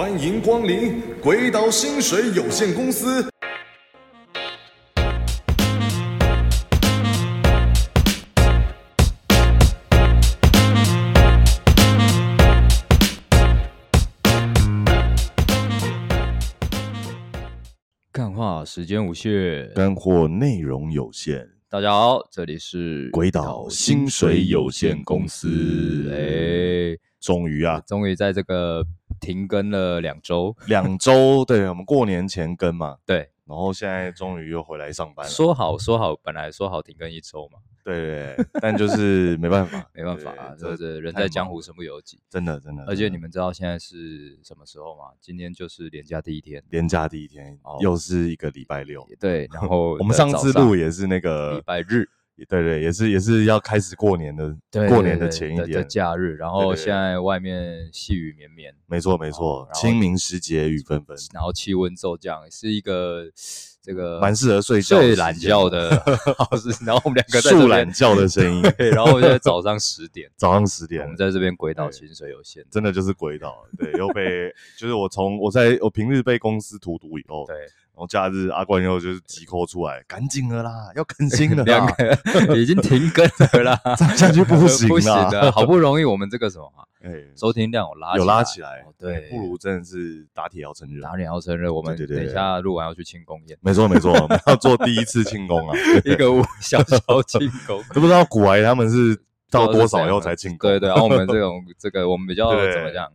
歡迎光臨鬼島薪水有限公司。幹話時間無限，乾貨內容有限。大家好，這裡是鬼島薪水有限公司。哎，終於啊，終於在這個。停更了兩週，兩週，對，我們過年前更嘛， 對，然後現在終於又回來上班了。說好說好，本來說好停更一周嘛，對，但就是沒辦法， 沒辦法啊，這這人在江湖身不由己，真的真的，真的。而且你們知道現在是什麼時候嗎？今天就是連假第一天，連假第一天，哦，又是一個禮拜六，對，然後 我們上次錄也是那個禮拜日。對，對對，也是也是要開始過年的，對對對對過年的前一天的，的假日，然後現在外面細雨綿綿，對對對對沒錯沒錯，清明時節雨紛紛，然後氣溫驟降，降，是一個這個蠻適合睡覺，睡懶覺的好事。 然後我們兩個在睡懶覺的聲音， 對然後我在早上十點， 早上十點，我們在這邊鬼島薪水有限，真的就是鬼島，對， 對又被就是我從我在我平日被公司荼毒以後，對。我假日阿冠又就是急 call 出來，趕緊的啦，要更新了啦，兩 個已經停更了啦，這 樣下去不行了、 啊，好不容易我們這個什麼、啊、欸、收聽量有拉有拉起來，哦、對，不如真的是打鐵要趁熱，打鐵要趁熱，我們等一下錄完要去慶功宴，沒錯沒錯，對對對我們要做第一次慶功啊， 一個小小慶功， 都不知道股癌他們是到多少以後才慶功，對對、對，然 後、啊、我們這種這個我們比較怎麼樣？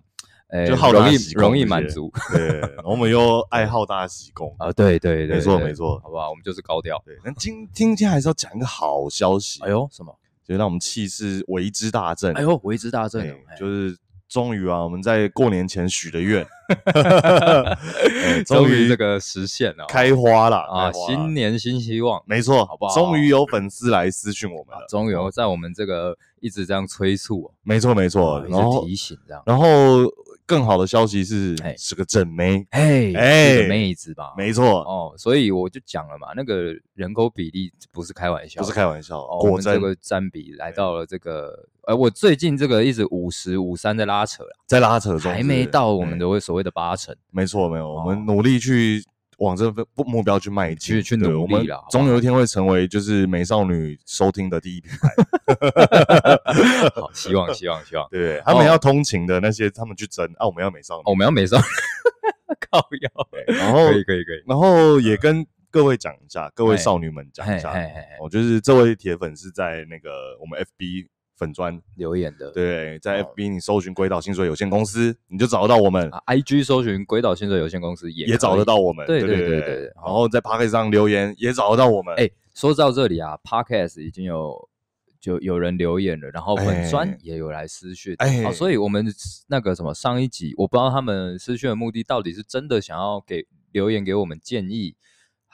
就好、欸、容易容易滿足，對,對， 我們又愛好大喜功啊，對對對,對，沒錯沒錯，好不好？我們就是高調。對，那今天、嗯、今天還是要講一個好消息。哎喲什麼？就讓我們氣勢為之大振。哎喲為之大振，欸哎、就是終於啊，我們在過年前許的願， 欸、終,於終於這個實現了、哦，開花了,開花了啊！新年新希望，沒錯，好不好？終於有粉絲來私訊我們了，嗯啊、終於有、哦、在我們這個一直這樣催促，沒錯沒錯，然、啊、後、哦嗯啊嗯啊哦啊啊、提醒這樣，然後。然後更好的消息是，欸、是個正妹，哎、欸、哎，是妹子吧，沒錯哦，所以我就講了嘛，那個人口比例不是開玩笑，不是開玩笑，哦、我們這個占比來到了這個、欸，呃，我最近這個一直五十五三在拉扯在拉扯中，還沒到我們的所謂的八成，欸、沒錯，沒有、哦，我們努力去。往這個目標去邁進，去努力，我們總有一天會成為就是美少女收聽的第一品牌。 好，希望，希望，希望。對、哦，他們要通勤的那些，他們去爭啊！我們要美少女，哦、我們要美少女， 靠腰。然後可以，可以，可以。然後也跟各位講一下，各位少女們講一下。我、喔喔、就是這位鐵粉是在那個我們 FB。粉磚留言的，對，在 FB 你搜尋鬼島薪水有限公司，你就找得到我們、啊們啊、IG 搜尋鬼島薪水有限公司也也找得到我們，對對對對、對、對、對、對。然後在 Podcast 上留言也找得到我們。哎、欸，說到這裡啊，Podcast 已經有就有人留言了，然後粉磚、欸、也有來私訊，哎、欸，所以我們那個什麼上一集，我不知道他們私訊的目的到底是真的想要給留言給我們建議。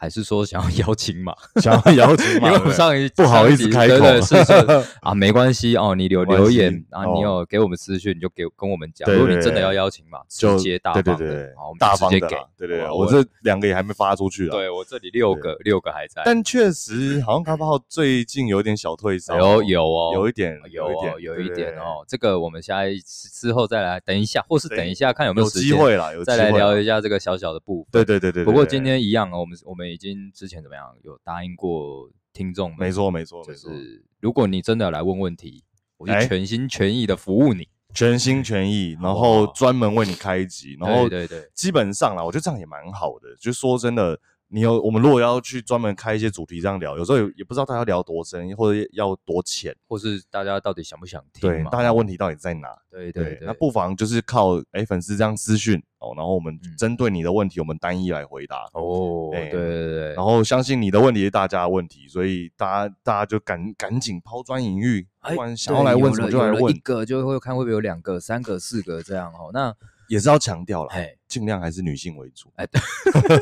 還是說想要邀請嘛？想要邀請嘛？ 因為上一不好意思開口 啊，沒關係哦，你留留言啊、哦，你有給我們資訊，你就給跟我們講。如果你真的要邀請嘛，就直接大方對，對，對。好，我們直接給。對對，對，對，對對，我，我這兩個也還沒發出去了。對，對，對我這裡六個對對對六個還在，對對對但確實好像咖號最近有點小退燒，有有哦，有一點，有一、哦、點，有一點哦。對對對這個我們下一次之後再來，等一下，或是等一下看有沒有機會了，再來聊一下這個小小的部分。對對對對，對，對，對，不過今天一樣，我們我們。已經之前怎麼樣？有答應過聽眾，沒錯沒錯，就是沒錯，如果你真的來問問題，我就全心全意的服務你，全心全意、嗯，然後專門為你開集，嗯，然後 對對對，基本上啦，我覺得這樣也蠻好的，就說真的。你有我們如果要去專門開一些主題這樣聊，有時候也也不知道大家聊多深，或者要多淺，或是大家到底想不想聽嘛？對，大家問題到底在哪？對對對，對那不妨就是靠誒粉絲這樣私訊哦，然後我們針對你的問題，我們單一來回答、嗯、哦。對對對，然後相信你的問題是大家的問題，所以大家大家就趕趕緊拋磚引玉，突然想要來問，什麼？哎、就來問一個就會看會不會有兩個、三個、四個這樣哦。那也是要強調了，哎，盡量還是女性為主，哎、欸，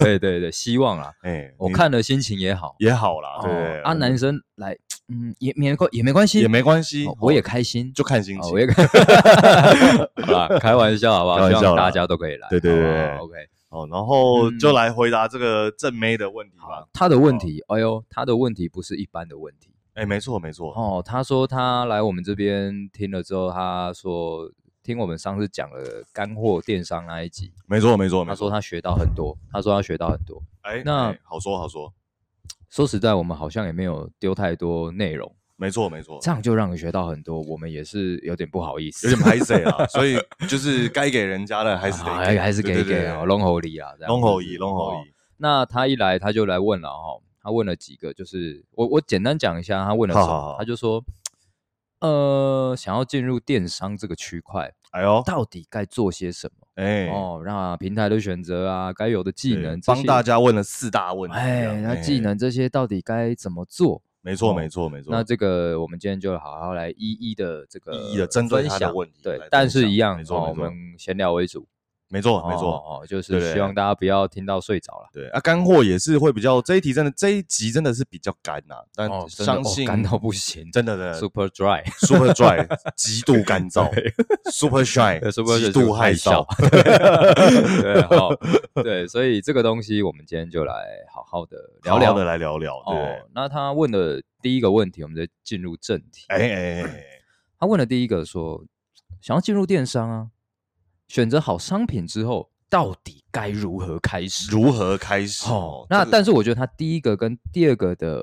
對， 對對對，希望啦哎、欸，我看了心情也好，也，也好啦、哦、對，對，對，啊，男生來，嗯，也沒關也沒關係，也沒關係、哦，我也開心，就看心情，哦、我也看， 好吧，開玩笑，好不好？開玩笑，希望大家都可以來，對對對，對好，OK，好，然後就來回答這個正妹的問題吧，嗯、他的問題，哎呦，他的問題不是一般的問題，哎、欸，沒錯沒錯，哦，他說他來我們這邊聽了之後，他說。聽我們上次講了乾貨電商那一集，沒錯沒錯。他說他學到很多，嗯、他說他學到很多。哎、欸，那、欸、好說好說。說實在，我們好像也沒有丟太多內容。沒錯沒錯，這樣就讓你學到很多，我們也是有點不好意思，有點拍謝了。 所以就是該給人家的 還是、啊、還是給給哦，攏予你啊，攏予你攏予你。那他一來他就來問了哈、喔，他問了幾個，就是我我簡單講一下，他問了什麼，好好好他就說。呃，想要進入電商這個區塊，哎呦，到底該做些什麼？哎哦，那平台的選擇啊，該有的技能，幫大家問了四大問題、啊哎。哎，那技能這些到底該怎麼做？沒錯、哦，沒錯，沒錯。那這個我們今天就好好來一一的這個一一的針對一下問題。對，但是一樣、哦、我們閒聊為主。沒錯，哦、沒錯哦，哦，就是希望大家不要聽到睡着了。對，對，對啊，乾貨也是會比較這一題，真的這一集真的是比較乾吶、啊。但相信、哦、乾到不行，真的的、嗯、super dry，super dry，, super dry 極度乾燥 ，super shine 極度害羞。 對，好，對，所以這個東西我們今天就來好好的聊聊，好好的來聊聊、哦。對，那他問的第一個問題，我們就進入正題。哎哎哎，他問了第一個說想要進入電商啊。選擇好商品之後，到底該如何開始？如何開始？哦，那、這個、但是我覺得他第一個跟第二個的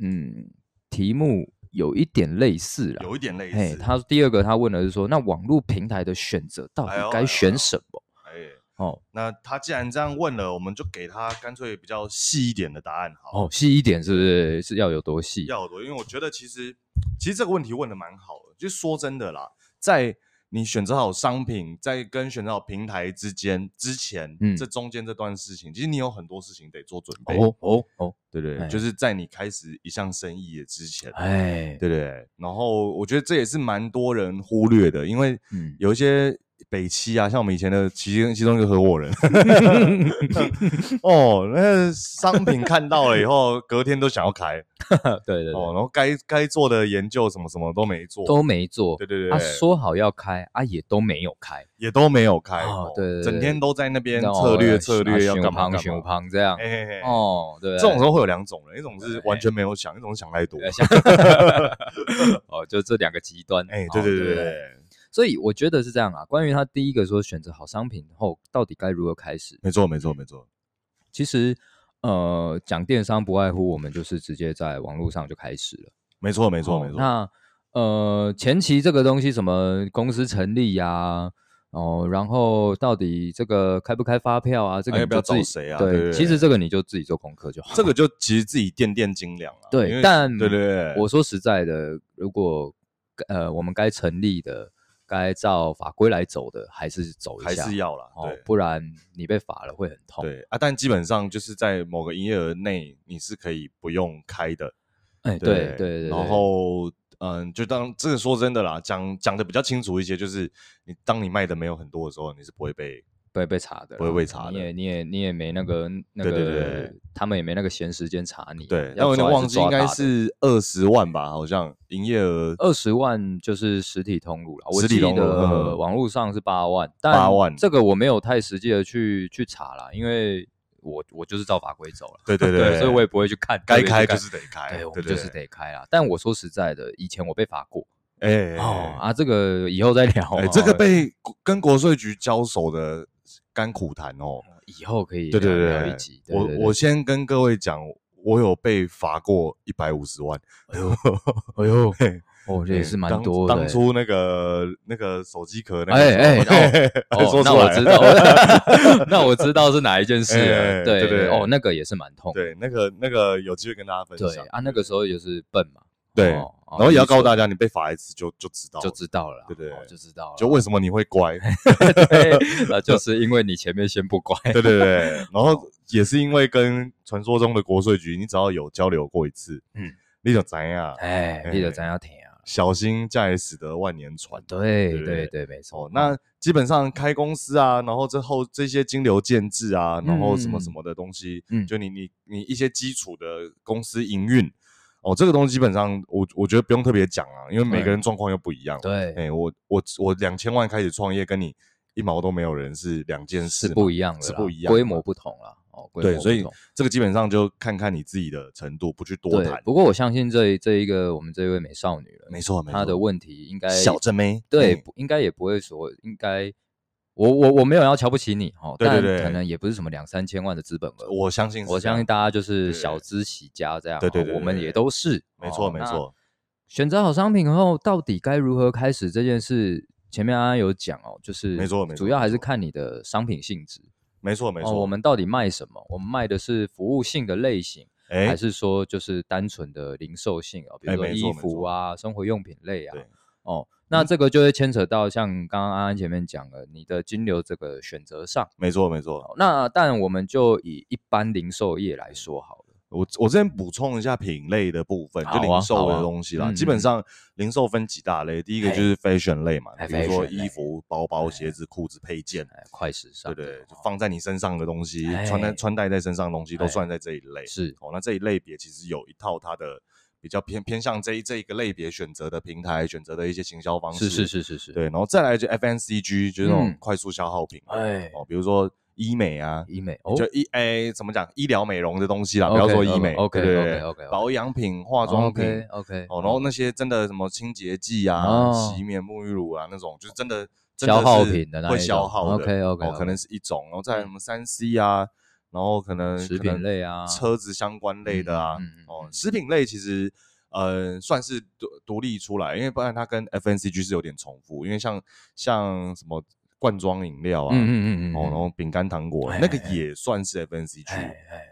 嗯題目有一點類似了，有一點類似。他第二個他問的是說，那網絡平台的選擇到底該選什麼？哎，好、哎哎哦，那他既然這樣問了，我們就給他乾脆比較細一點的答案。好，哦，細一點是不是是要有多細？要有多，因為我覺得其實其實這個問題問得蠻好的，就是說真的啦，在。你選擇好商品，在跟選擇好平台之間之前，嗯，這中間這段事情，其實你有很多事情得做準備。哦哦哦，對不對？對，就是在你開始一項生意之前，哎，對不對？然後我覺得這也是蠻多人忽略的，因為有一些。北七啊，像我們以前的其，其中一個合夥人， 哦，那個、商品看到了以後， 隔天都想要開， 對，對對哦，然後該該做的研究什麼什麼都沒做，都沒做，對對對，他、啊、說好要開、哎、啊，也都沒有開，也都沒有開啊，對，對，對，對整天都在那邊策略策略、啊、要幹嘛要幹嘛這樣，哎、哦對，對，對，這種時候會有兩種人，一種是完全沒有想，一種是想太多想太多，哦， 就這兩個極端，哎，哦、對對對對。對對對對所以我覺得是這樣啊。關於他第一個說選擇好商品後，到底該如何開始？沒錯，沒錯、嗯，沒錯。其實，呃，講電商不外乎我們就是直接在網絡上就開始了。沒錯，沒錯、哦，沒錯。那呃，前期這個東西什麼公司成立呀、啊？哦、呃，然後到底這個開不開發票啊？這個自己、啊、要不要找誰啊？對，其實這個你就自己做功課就好。這個就其實自己掂掂斤兩啊。對，但對對對，我說實在的，如果呃我們該成立的。該照法規來走的，還是走一下，還是要啦。對，哦，不然你被罰了會很痛。對啊，但基本上就是在某個營業額內，你是可以不用開的。哎，對對對。然後，嗯，就當這個說真的啦，講講的比較清楚一些，就是你當你賣的沒有很多的時候，你是不會被不會被查的，不會被查的。你也你也你也沒那個那個，對對對，他們也沒那個閒時間查你。對，那我忘記應該是二十萬吧，好像營業額二十萬就是實體通路了。我記得、嗯、網絡上是八萬，八、嗯、萬，這個我沒有太實際的去去查啦，因為我我就是照法規走了。對對對， 對，所以我也不會去看，該開就是得開，對，我們就是得開啦，對對對。但我說實在的，以前我被罰過，哎、欸欸、哦、欸、啊，這個以後再聊、哦欸。這個被跟國稅局交手的。干苦談哦，以後可以聊一集對，對，對，對，對對對，我我先跟各位講，我有被罰過一百五十萬，哎呦哎呦哎，我覺得也是蠻多的當。當初那個、嗯、那個手機殼，哎哎，哎，哎，哎，哎，哎，哎，哎，哎、哦，那我知道， 那我知道是哪一件事、啊哎哎，對對對，哦，那個也是蠻痛，對，那個那個有機會跟大家分享啊，那個時候也是笨嘛。對、哦哦，然後也要告訴大家，你被罰一次就就知道了，就知道了。對不對,對、哦，就知道了。就為什麼你會乖？ 對， 那就是因為你前面先不乖。對對對,對，然後也是因為跟傳說中的國稅局，你只要有交流過一次，嗯，你就怎樣、啊？哎，你就怎樣停。啊？小心駛得萬年船。對對對，沒錯。那基本上開公司啊，然後之後這些金流建置啊，然後什麼什麼的東西，嗯，嗯就你你你一些基礎的公司營運。哦，這個東西基本上我我覺得不用特別講啊，因為每個人狀況又不一樣。對，欸、我我我兩千萬開始創業，跟你一毛都沒有，人是兩件事是不一樣的，是不一樣的，是不一樣，規模不同了。哦，規模不同，對，所以這個基本上就看看你自己的程度，不去多談。不過我相信這這一個我們這位美少女，沒錯，沒錯，她的問題應該小着沒？對，嗯、應該也不會說應該。我我我沒有要瞧不起你哦，但可能也不是什麼兩三千萬的資本額，我相信我相信大家就是小資起家這樣，對對，對，對對，我們也都是，沒錯沒錯。哦、選擇好商品後，到底該如何開始這件事？前面阿安有講哦，就是沒錯，主要還是看你的商品性質，沒錯沒錯。哦、我們到底賣什麼？我們賣的是服務性的類型，欸、還是說就是單純的零售性哦？比如說衣服啊、欸、沒錯沒錯、生活用品類啊。哦，那這個就會牽扯到像剛剛安安前面講了，你的金流這個選擇上，沒錯沒錯。那但我們就以一般零售業來說好了。我我這邊補充一下品類的部分，啊、就零售類的東西啦、啊。基本上零售分幾大類，嗯、第一個就是 Fashion 類嘛，欸、比如說衣服、欸、包包、鞋子、欸、褲子、配件、快時尚，對對、對，欸、就放在你身上的東西，穿、欸、在穿戴在身上的東西、欸、都算在這一類。是哦，那這一類別其實有一套它的。比較偏偏向這一這一個類別選擇的平台，選擇的一些行銷方式是是是是，是對，然後再來就 FNCG，就是那種快速消耗品、嗯，哦，比如說醫美啊，醫美、哦、就醫哎怎麼講醫療美容的東西啦，okay, 不要說醫美 okay, 對 okay,，OK OK OK，保養品、化妝品，OK，, okay, okay、哦、然後那些真的什麼清潔劑啊、哦、洗面沐浴乳啊那種，就是真的，真的，真的，是消，耗的消耗品的那種，會消耗的，OK OK，、哦哦嗯、可能是一種，然後再來什麼三 C 啊。嗯然後可能食品類啊，車子相關類的啊，嗯嗯、哦，食品類其實嗯、呃、算是獨獨立出來，因為不然它跟 FNCG 是有點重複，因為像像什麼罐裝飲料啊，嗯嗯嗯，嗯哦，然後餅乾糖果那個也算是 FNCG，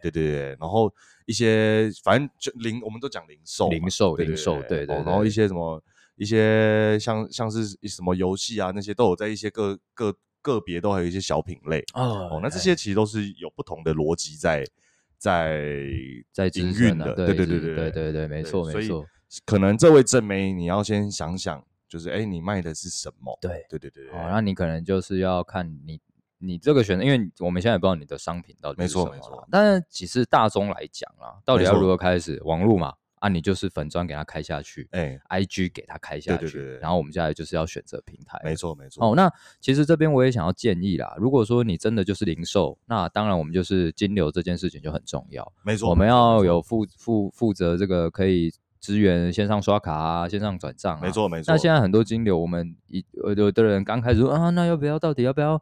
對對對，對，對，對，然後一些反正就零我們都講零售，零售零售對對、哦，然後一些什麼一些像像是什麼遊戲啊那些都有在一些各各。個別都還有一些小品類哦，oh, okay. 那這些其實都是有不同的邏輯在在在營運的，啊、對對對對對對對，對，對，沒錯沒錯。可能這位正妹你要先想想，就是哎，你賣的是什麼？對對對對，哦，對哦，那你可能就是要看你你這個選擇，因為我們現在也不知道你的商品到底是什麼，沒錯沒錯。但其實大眾來講啊，到底要如何開始？網路嘛。啊，你就是粉專給他開下去，哎、欸、，IG 給他開下去，對對對對，然後我們接下來就是要選擇平台，沒錯沒錯。哦，那其實這邊我也想要建議啦，如果說你真的就是零售，那當然我們就是金流這件事情就很重要，沒錯。我們要有負負負責，這個可以支援線上刷卡、啊、線上轉賬、啊，沒錯沒錯。那現在很多金流，我們一有的人剛開始說啊，那要不要？到底要不要？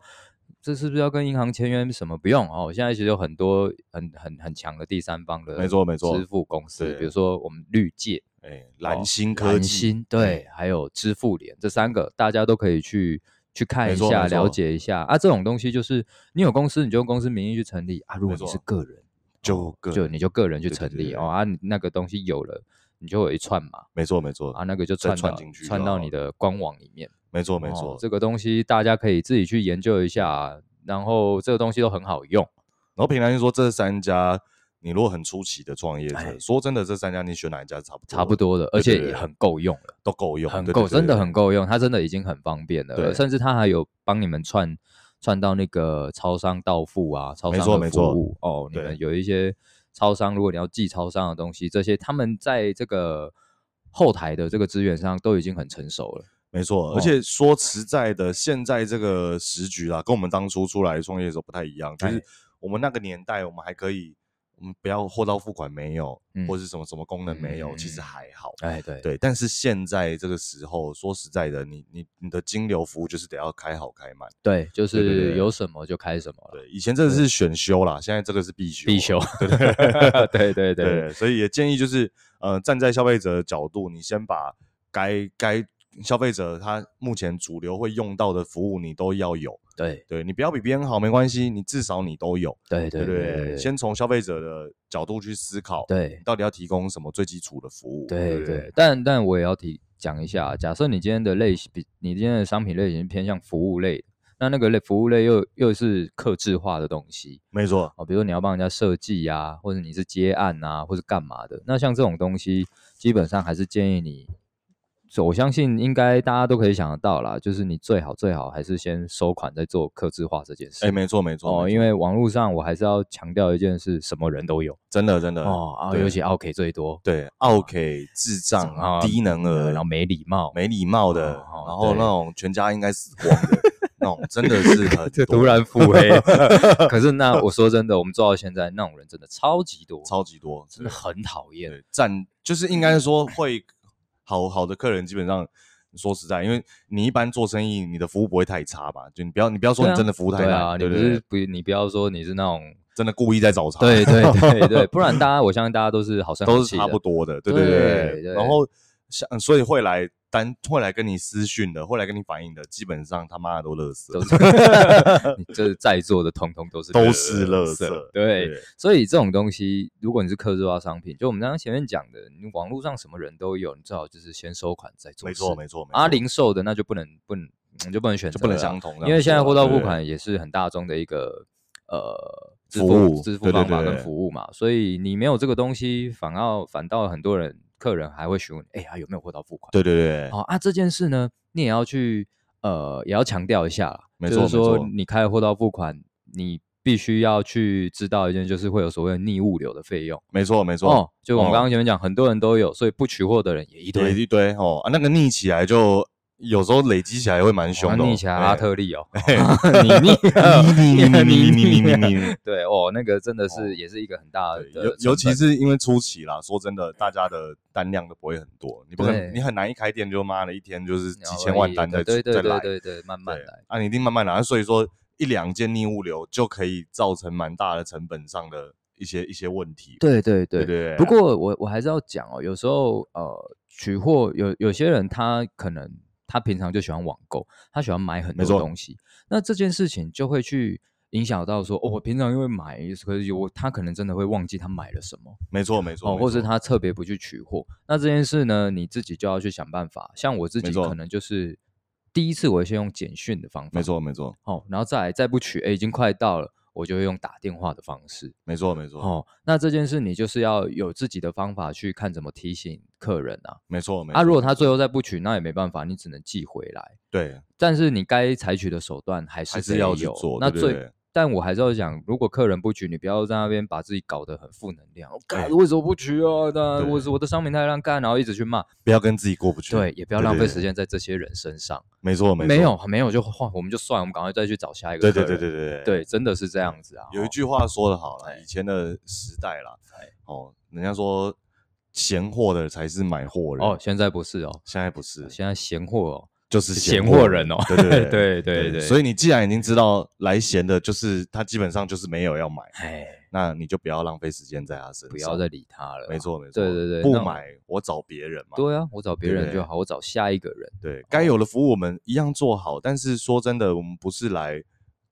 這是不是要跟銀行簽約？什麼不用哦，我現在其實有很多很很很強的第三方的，沒錯沒錯，支付公司，比如說我們綠界、欸哦、藍新科技、新、對、嗯，還有支付連這三個，大家都可以去、嗯、去看一下，了解一下啊。這種東西就是你有公司，你就用公司名義去成立啊。如果你是個人，哦、就個就你就個人去成立對對對對，哦啊，那個東西有了。你就有一串嘛，沒錯沒錯啊，那個就串到串進去，就串到你的官網裡面，嗯、沒錯沒錯、哦。這個東西大家可以自己去研究一下，然後這個東西都很好用。嗯、然後平常就說這三家，你如果很初期的創業者，說真的，這三家你選哪一家是差不多的差不多的，對對對，而且也很夠用了，對對對，都夠用，夠，真的很夠用，它真的已經很方便了，甚至它還有幫你們串串到那個超商到付啊，超商的服務沒錯沒錯，哦對，你們有一些。超商，如果你要寄超商的東西，這些他們在這個後台的這個資源上都已經很成熟了。沒錯，而且說實在的，哦、現在這個時局啊，跟我們當初出來創業的時候不太一樣，就是我們那個年代，我們還可以。我們不要貨到付款沒有，嗯，或是什麼什麼功能沒有，嗯，其實還好。哎，對對。但是現在這個時候，說實在的，你你你的金流服務就是得要開好開滿。對，就是對對對，有什麼就開什麼。對，以前這個是選修啦，嗯，現在這個是必修。必修。對對對 對，對，對，對，對，對。所以也建議就是，呃，站在消費者的角度，你先把該該消費者他目前主流會用到的服務，你都要有。對對，你不要比別人好沒關係，你至少你都有。對對，對對對，先從消費者的角度去思考，對，到底要提供什麼最基礎的服務。對對，對，對，對，對，但但我也要提講一下，假設你今天的類型，你今天的商品類型偏向服務類，那那個類服務類又又是客制化的東西，沒錯。比如說你要幫人家設計啊，或者你是接案啊，或者是幹嘛的，那像這種東西，基本上還是建議你。我相信應該大家都可以想得到啦，就是你最好最好還是先收款再做刻製化這件事。哎、欸，沒錯沒錯。哦、嗯，因為網絡上我還是要強調一件事，什麼人都有，真的真的哦、啊對，尤其奧 K 最多，對奧 K、啊、智障啊，低能兒，然後沒禮貌，沒禮貌的、哦然，然後那種全家應該死光的， 那種真的是很突然腹黑。 可是那我說真的，我們做到現在，那種人真的超級多，超級多，真的很討厭，占就是應該說會。好好的客人基本上，說實在，因為你一般做生意，你的服務不會太差吧？就你不要，你不要說你真的服務太差、啊啊啊啊，你不是不、啊，你不要說你是那種真的故意在找茬，對對對對,對，不然大家 我相信大家都是好像，都是差不多的，對對對對,對，然後，像，所以會來。會來跟你私訊的，後來跟你反映的，基本上他媽的都樂色，這 在座的統統都是都是樂色。對，所以這種東西，如果你是客製化商品，就我們剛剛前面講的，你網絡上什麼人都有，你最好就是先收款再做。沒錯沒錯沒錯。啊零售的那就不能不能，你就不能，就不能選擇。不能相同的，因為現在貨到付款也是很大眾的一個呃支付支付方法跟服務嘛對對對對，所以你沒有這個東西，反倒反倒很多人。客人還會詢問，哎、欸、呀、啊，有沒有貨到付款？對對對、哦，啊，這件事呢，你也要去，呃，也要強調一下，沒錯，就是說，你開了貨到付款，你必須要去知道一件，就是會有所謂的逆物流的費用。沒錯沒錯，哦，就我們剛剛前面講、哦，很多人都有，所以不取貨的人也一堆一堆哦、啊，那個逆起來就有時候累積起來也會蠻兇的，起來阿特利哦，哦 你膩了 你膩了 你你你你你你對哦，那個真的是也是一個很大的，尤、哦、尤其是因為初期啦、哦，說真的，大家的單量都不會很多，你不可能，你很難一開店就媽的一天就是幾千萬單在在來，對，對對對，慢慢來，啊，你一定慢慢來，所以說一兩件逆物流就可以造成蠻大的成本上的一些一些問題，對對對對,對,對。不過我我還是要講哦、喔，有時候呃，取貨有有些人他可能。他平常就喜歡網購，他喜歡買很多東西。那這件事情就會去影響到說，哦，我平常因為買，可是我他可能真的會忘記他買了什麼。沒錯，沒錯。哦、或是他特別不去取貨，那這件事呢，你自己就要去想辦法。像我自己可能就是第一次，我會先用簡訊的方法。沒錯，沒錯。好、哦，然後再再不取，哎，已經快到了，我就會用打電話的方式。沒錯，沒錯。好、哦，那這件事你就是要有自己的方法去看怎麼提醒。客人啊，沒錯，沒錯。啊，如果他最後再不取，那也沒辦法，你只能寄回來。對，但是你該採取的手段還是，有還是要有。那最對對對，但我還是要講，如果客人不取，你不要在那邊把自己搞得很負能量。我、哦、幹、欸，為什麼不取啊？那我我的商品太爛幹，然後一直去罵，不要跟自己過不去。對，也不要浪費時間在這些人身上。沒錯，沒錯，沒有沒有，就換我們就算，我們趕快再去找下一個。對對對對對對，對真的是這樣子。啊。有一句話說的好了，以前的時代啦，哦，人家說。嫌貨的才是買貨人哦，現在不是哦，現在不是，啊、現在嫌貨哦，就是嫌貨人、哦、人哦，對對對 對對，對，對，對，所以你既然已經知道來嫌的，就是他基本上就是沒有要買，那你就不要浪費時間在他身上，不要再理他了，啊，沒錯沒錯，對對對，不買我，我找別人嘛，對啊，我找別人就好，我找下一個人，對，該有的服務我們一樣做好，但是說真的，我們不是來。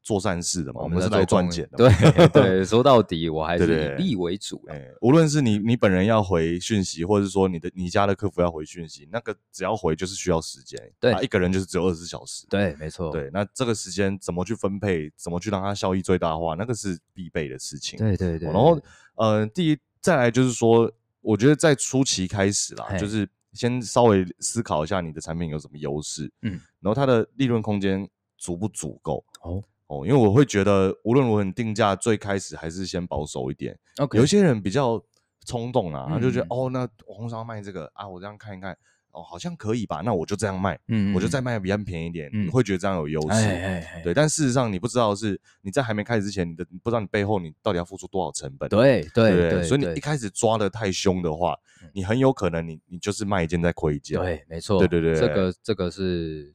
做善事的嘛，我們是來我們在做賺錢的。對對, 對,對，說到底，我還是以利為主、啊對對對對欸。無論是你你本人要回訊息，或者是說你的你家的客服要回訊息，那個只要回就是需要時間。對，一個人就是只有二十四小時。對，對沒錯。對，那這個時間怎麼去分配，怎麼去讓它效益最大化，那個是必備的事情。對對對,對,對。然後，呃，第一，再來就是說，我覺得在初期開始啦，就是先稍微思考一下你的產品有什麼優勢，嗯，然後它的利潤空間足不足夠？哦。哦，因為我會覺得無論如何定價，最開始還是先保守一點。Okay. 有一些人比較衝動啊，他就覺得、嗯、哦，那我通常賣這個啊，我這樣看一看，哦，好像可以吧，那我就這樣賣，嗯，嗯，我就再賣比較便宜一點、嗯，你會覺得這樣有優勢、哎哎哎，對。但事實上，你不知道是你在還沒開始之前，你的你不知道你背後你到底要付出多少成本，對對對，對，對，對。所以你一開始抓得太凶的話，嗯、你很有可能你你就是賣一件再虧一件，對，沒錯，對對對，這個這個是。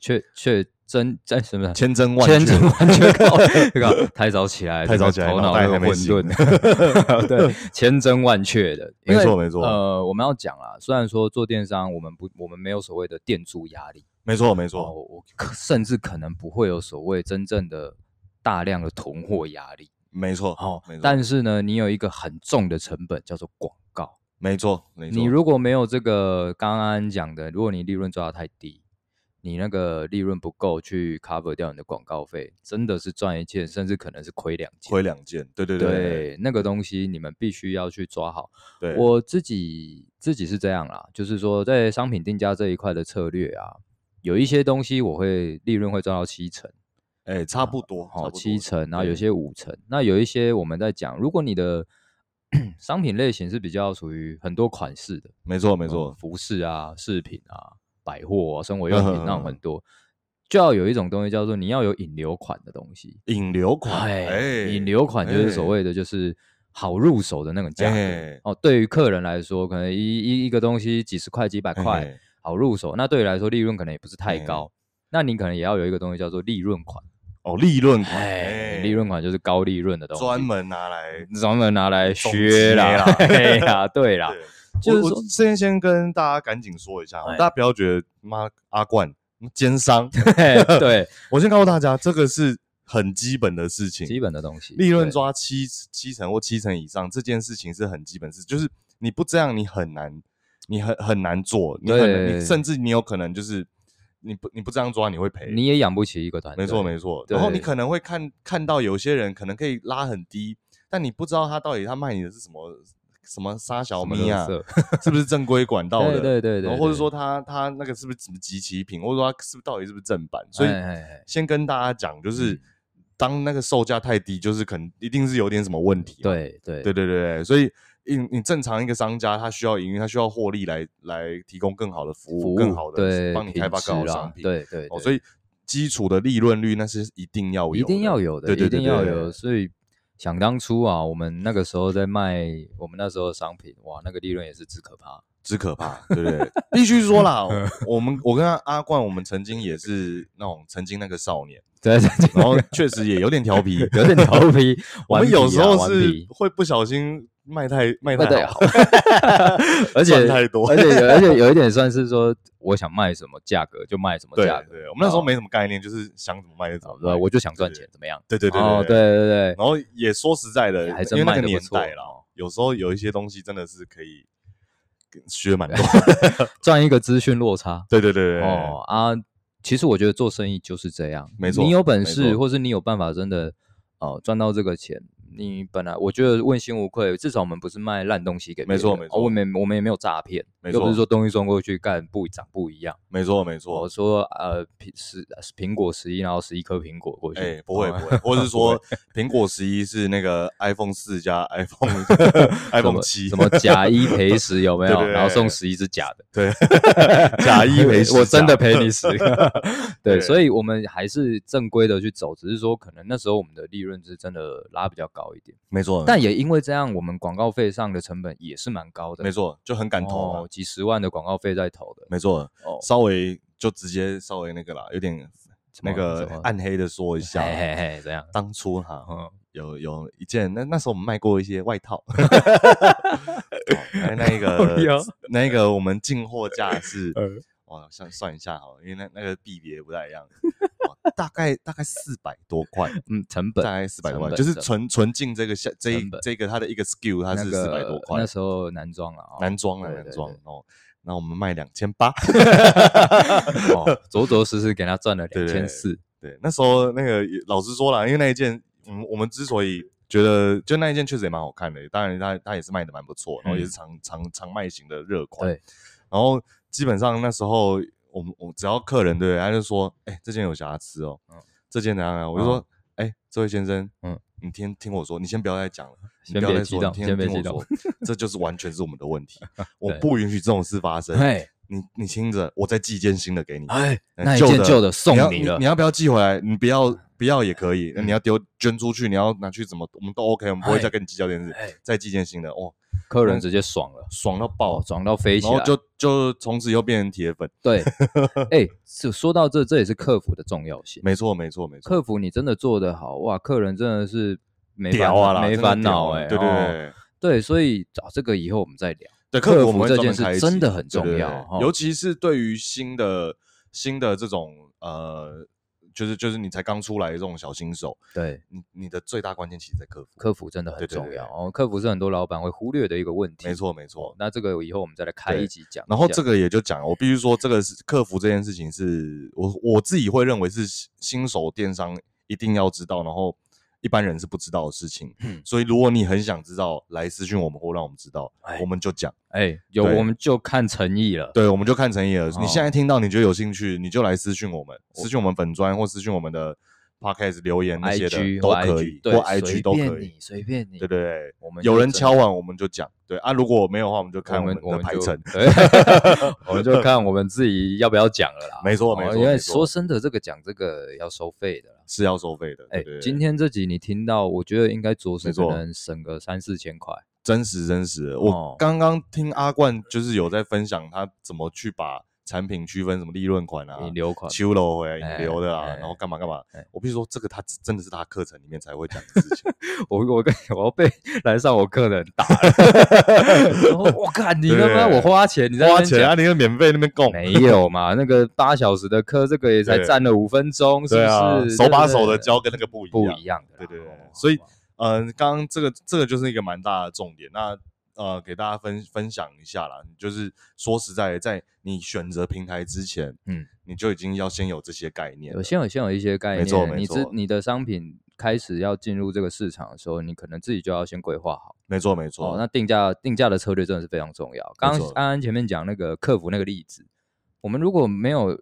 確確真真什麼？千真萬確，千真萬確、 哦，太早起來了，太早起來了，頭腦又混沌。 對，千真萬確的，沒錯沒錯。呃，我們要講啊，雖然說做電商，我們不，我們沒有所謂的店租壓力，沒錯沒錯、哦。我可甚至可能不會有所謂真正的大量的囤貨壓力，沒錯。哦，沒錯。但是呢，你有一個很重的成本，叫做廣告，沒錯沒錯。你如果沒有這個，剛剛講的，如果你利潤抓到太低。你那個利潤不夠去 cover 掉你的廣告費，真的是賺一件，甚至可能是虧兩件。虧兩件，對對對，對，對那個東西你們必須要去抓好。對，我自己自己是這樣啦，就是說在商品定價這一塊的策略啊，有一些東西我會利潤會賺到七成，哎、欸，差不多，好、呃、七成、啊，然後有些五成。那有一些我們在講，如果你的 商品類型是比較屬於很多款式的，沒錯沒錯、嗯，服飾啊，飾品啊。百貨、啊、生活用品，那很多呵呵呵，就要有一種東西叫做你要有引流款的東西。引流款，欸、引流款就是所謂的就是好入手的那個價格、欸、哦。對於客人來說，可能一一一,一個東西幾十塊、幾百塊好入手，欸、那對於來說利潤可能也不是太高、欸。那你可能也要有一個東西叫做利潤款哦，利潤款，欸、利潤款就是高利潤的東西，專門拿來專門拿來削了。呀、 啊，對了。 對我就是我先先跟大家趕緊說一下，哎、大家不要覺得媽阿冠奸商 對。對，我先告訴大家，這個是很基本的事情，基本的東西，利潤抓七七成或七成以上，這件事情是很基本事，就是你不這樣，你很難，你很很難做，你很你甚至你有可能就是你不你不這樣抓，你會賠，你也養不起一個團隊。沒錯沒錯，然後你可能會看看到有些人可能可以拉很低，但你不知道他到底他賣你的是什麼。什麼殺小米啊？ 是不是正規管道的？對對對對，對、哦，或者說他他那個是不是什麼即期品？或者說他是不是到底是不是正版？所以先跟大家講，就是當那個售價太低，就是肯一定是有點什麼問題、哦。對對對對對。所以你你正常一個商家他，他需要營運，他需要獲利來來提供更好的服務，服務更好的幫你開發更好的商品。品啊、對，對對哦，所以基礎的利潤率那是一定要有，一定要有的，一定要有的。對對對對對對對要有所以。想當初啊，我們那個時候在賣，我們那時候的商品，哇，那個利潤也是之可怕。只可怕，對不對,對？必須說啦， 我們我跟阿冠，我們曾經也是那種曾經那個少年，對，然後確實也有點調皮， 有點調調皮， 我們有時候是會不小心賣太賣太好，而且 太多， 而且, 而,且而且有一點算是說，我想賣什麼價格就賣什麼價格。對,對,對，我們那時候沒什麼概念，就是想怎麼賣就怎麼賣，我就想賺錢怎麼樣。對對對對對對對,對,對,對,對對對對對。然後也說實在的，還在麼因為那個年代了，有時候有一些東西真的是可以。學蠻多，賺 一個資訊落差。 對對對對。哦，啊，其實我覺得做生意就是這樣，沒錯。你有本事，或是你有辦法，真的哦賺到這個錢，你本來我覺得問心無愧。至少我們不是賣爛東西給人，沒錯沒錯。我們我們也沒有詐騙。沒，又不是說東西送過去，幹部長不一樣。沒錯沒錯，我說呃，蘋十蘋果十一，然後十一顆蘋果過去，哎、欸，不會不會。我、哦、是說蘋 果十一是那個 iPhone 四加 iPhone iPhone 七，什麼假一賠十有沒有？對對對對，然後送十一是假的，對， 假一賠十。我真的賠你十個對對對。對，所以我們還是正規的去走，只是說可能那時候我們的利潤是真的拉比較高一點。沒錯，但也因為這樣，我們廣告費上的成本也是蠻高的。沒錯，就很敢投、啊。哦幾十萬的廣告費在投的。沒錯，哦，稍微就直接稍微那個啦，有點那個暗黑的說一下、啊，嘿，嘿嘿，怎樣？當初哈，有有一件，那那時候我們賣過一些外套， 哦、那一個，那一個， 那一個我們進貨價是，哦，算算一下哈，因為那那個幣別不太一樣。 大概大概四百多塊，嗯，成本大概四百多塊，就是純純淨這個像這一這一個它的一個 SKU，它是四百多塊，那個。那時候男裝啊，男裝啊，男裝哦，那、哦、我們賣兩千八，哈、 哦，著著實實給他賺了兩千四。對，那時候那個老實說了，因為那一件，嗯，我們之所以覺得就那一件確實也蠻好看的，當然他他也是賣的蠻不錯，然後也是長長賣型的熱款。對，然後基本上那時候。我們我只要客人對，不對，他就說，哎、欸，這件有瑕疵哦、嗯，這件怎樣啊？我就說，哎，這位先生，嗯，你聽聽我說，你先不要再講了，先你不要再你先別計說。說 這就是完全是我們的問題， 我不允許這種事發生。哎，你你聽着，我再寄一件新的給你，哎、嗯，那一件舊的送你了，你要，你你要不要寄回來？你不要不要也可以，那、嗯、你要丟捐出去，你要拿去怎麼？我們都 OK，我們不會再跟你計較這件事，再寄件新的、哎、件新的哦。客人直接爽了，嗯、爽到爆，爽到飛起來，嗯、就就從此以後變成鐵粉。對，哎、 欸，說說到這，這也是客服的重要性。沒錯，沒錯，沒錯。客服你真的做得好，哇，客人真的是沒啊沒煩惱、啊。對對對，哦、對，所以找、哦、這個以後我們再聊。對，客服，我們會客服這件事真的很重要，對對對對哦、尤其是對於新的新的這種呃。就是就是你才剛出來的這種小新手，對，你你的最大關鍵其實在客服，客服真的很重要，對對對哦。客服是很多老闆會忽略的一個問題，沒錯沒錯。那這個以後我們再來開一集講一下。然後這個也就講，我必須說這個是客服這件事情是，是我我自己會認為是新手電商一定要知道，然後。一般人是不知道的事情，所以如果你很想知道，來私訊我們或讓我們知道，我們就講。哎，有，我們就看誠意了。對，我們就看誠意了，哦。你現在聽到，你覺得有興趣，你就來私訊我們，我私訊我們粉專或私訊我們的 Podcast 留言那些的都可以，或 IG 都可以，隨便你，隨便你，對不對,對？我們有人敲碗，我們就講。對啊，如果沒有的話，我們就看我們排程，我們,對 我們就看我們自己要不要講了啦。沒錯、哦，沒錯，因為說真的，這個講 這個要收費的，是要收費的。哎、欸，今天這集你聽到，我覺得應該着實能省個三四千塊。真實，真實、哦。我剛剛聽阿冠就是有在分享他怎麼去把。產品區分什麼利潤款啊，引流款，秋樓回來引流的啊，欸、然後幹嘛幹嘛、欸？我必須說，這個他真的是他課程裡面才會講的事情。 我我我被來上我課的人打了。我 靠、 oh,，你他媽我花錢你在，你花錢啊？你又免費那邊供？ 沒有嘛，那個八小時的課，這個也才佔了五分鐘。是不是、啊？手把手的教跟那個不一樣。不一樣。對對，對、哦。所以，嗯、哦，剛剛、呃、這個這個就是一個蠻大的重點。那。呃，給大家分分享一下啦。你就是說實在的，在你選擇平台之前，嗯，你就已經要先有這些概念。我先有先有一些概念，沒錯沒錯。你知你的商品開始要進入這個市場的時候，你可能自己就要先規劃好。沒錯沒錯，哦，那定價定價的策略真的是非常重要。剛剛安安前面講那個客服那個例子，我們如果沒有。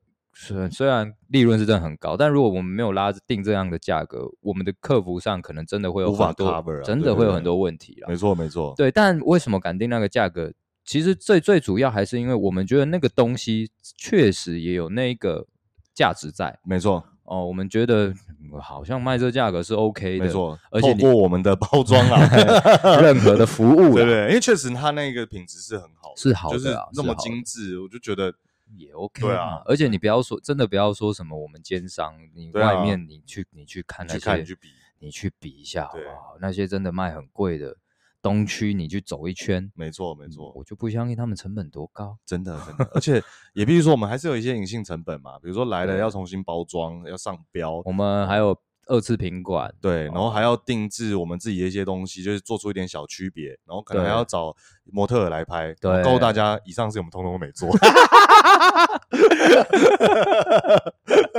雖然利潤是真的很高，但如果我們沒有拉着定這樣的價格，我們的客服上可能真的會有很多、無法 cover 啊、真的會有很多問題，對對對沒錯，沒錯。對，但為什麼敢定那個價格？其實最最主要還是因為我們覺得那個東西確實也有那一個價值在。沒錯。哦，我們覺得好像賣這個價格是 OK 的，沒錯。而且過我們的包裝啊， 任何的服務，對不對，對？因為確實它那個品質是很好，是好、啊就是，是好的，那麼精緻，我就覺得。也 OK 嘛對啊，而且你不要說，真的不要說什麼我們奸商，你外面你去、啊、你去看那些你去看你去比，你去比一下好不好？那些真的賣很貴的東區，你去走一圈，沒錯沒錯，我就不相信他們成本多高，真的。真的 而且也比如說，我們還是有一些隱性成本嘛，比如說來了要重新包裝，要上標，我們還有。二次品管，對，然後還要定製我們自己的一些東西，就是做出一點小區別，然後可能還要找模特來拍，對，告訴大家以上是我們通通都沒做。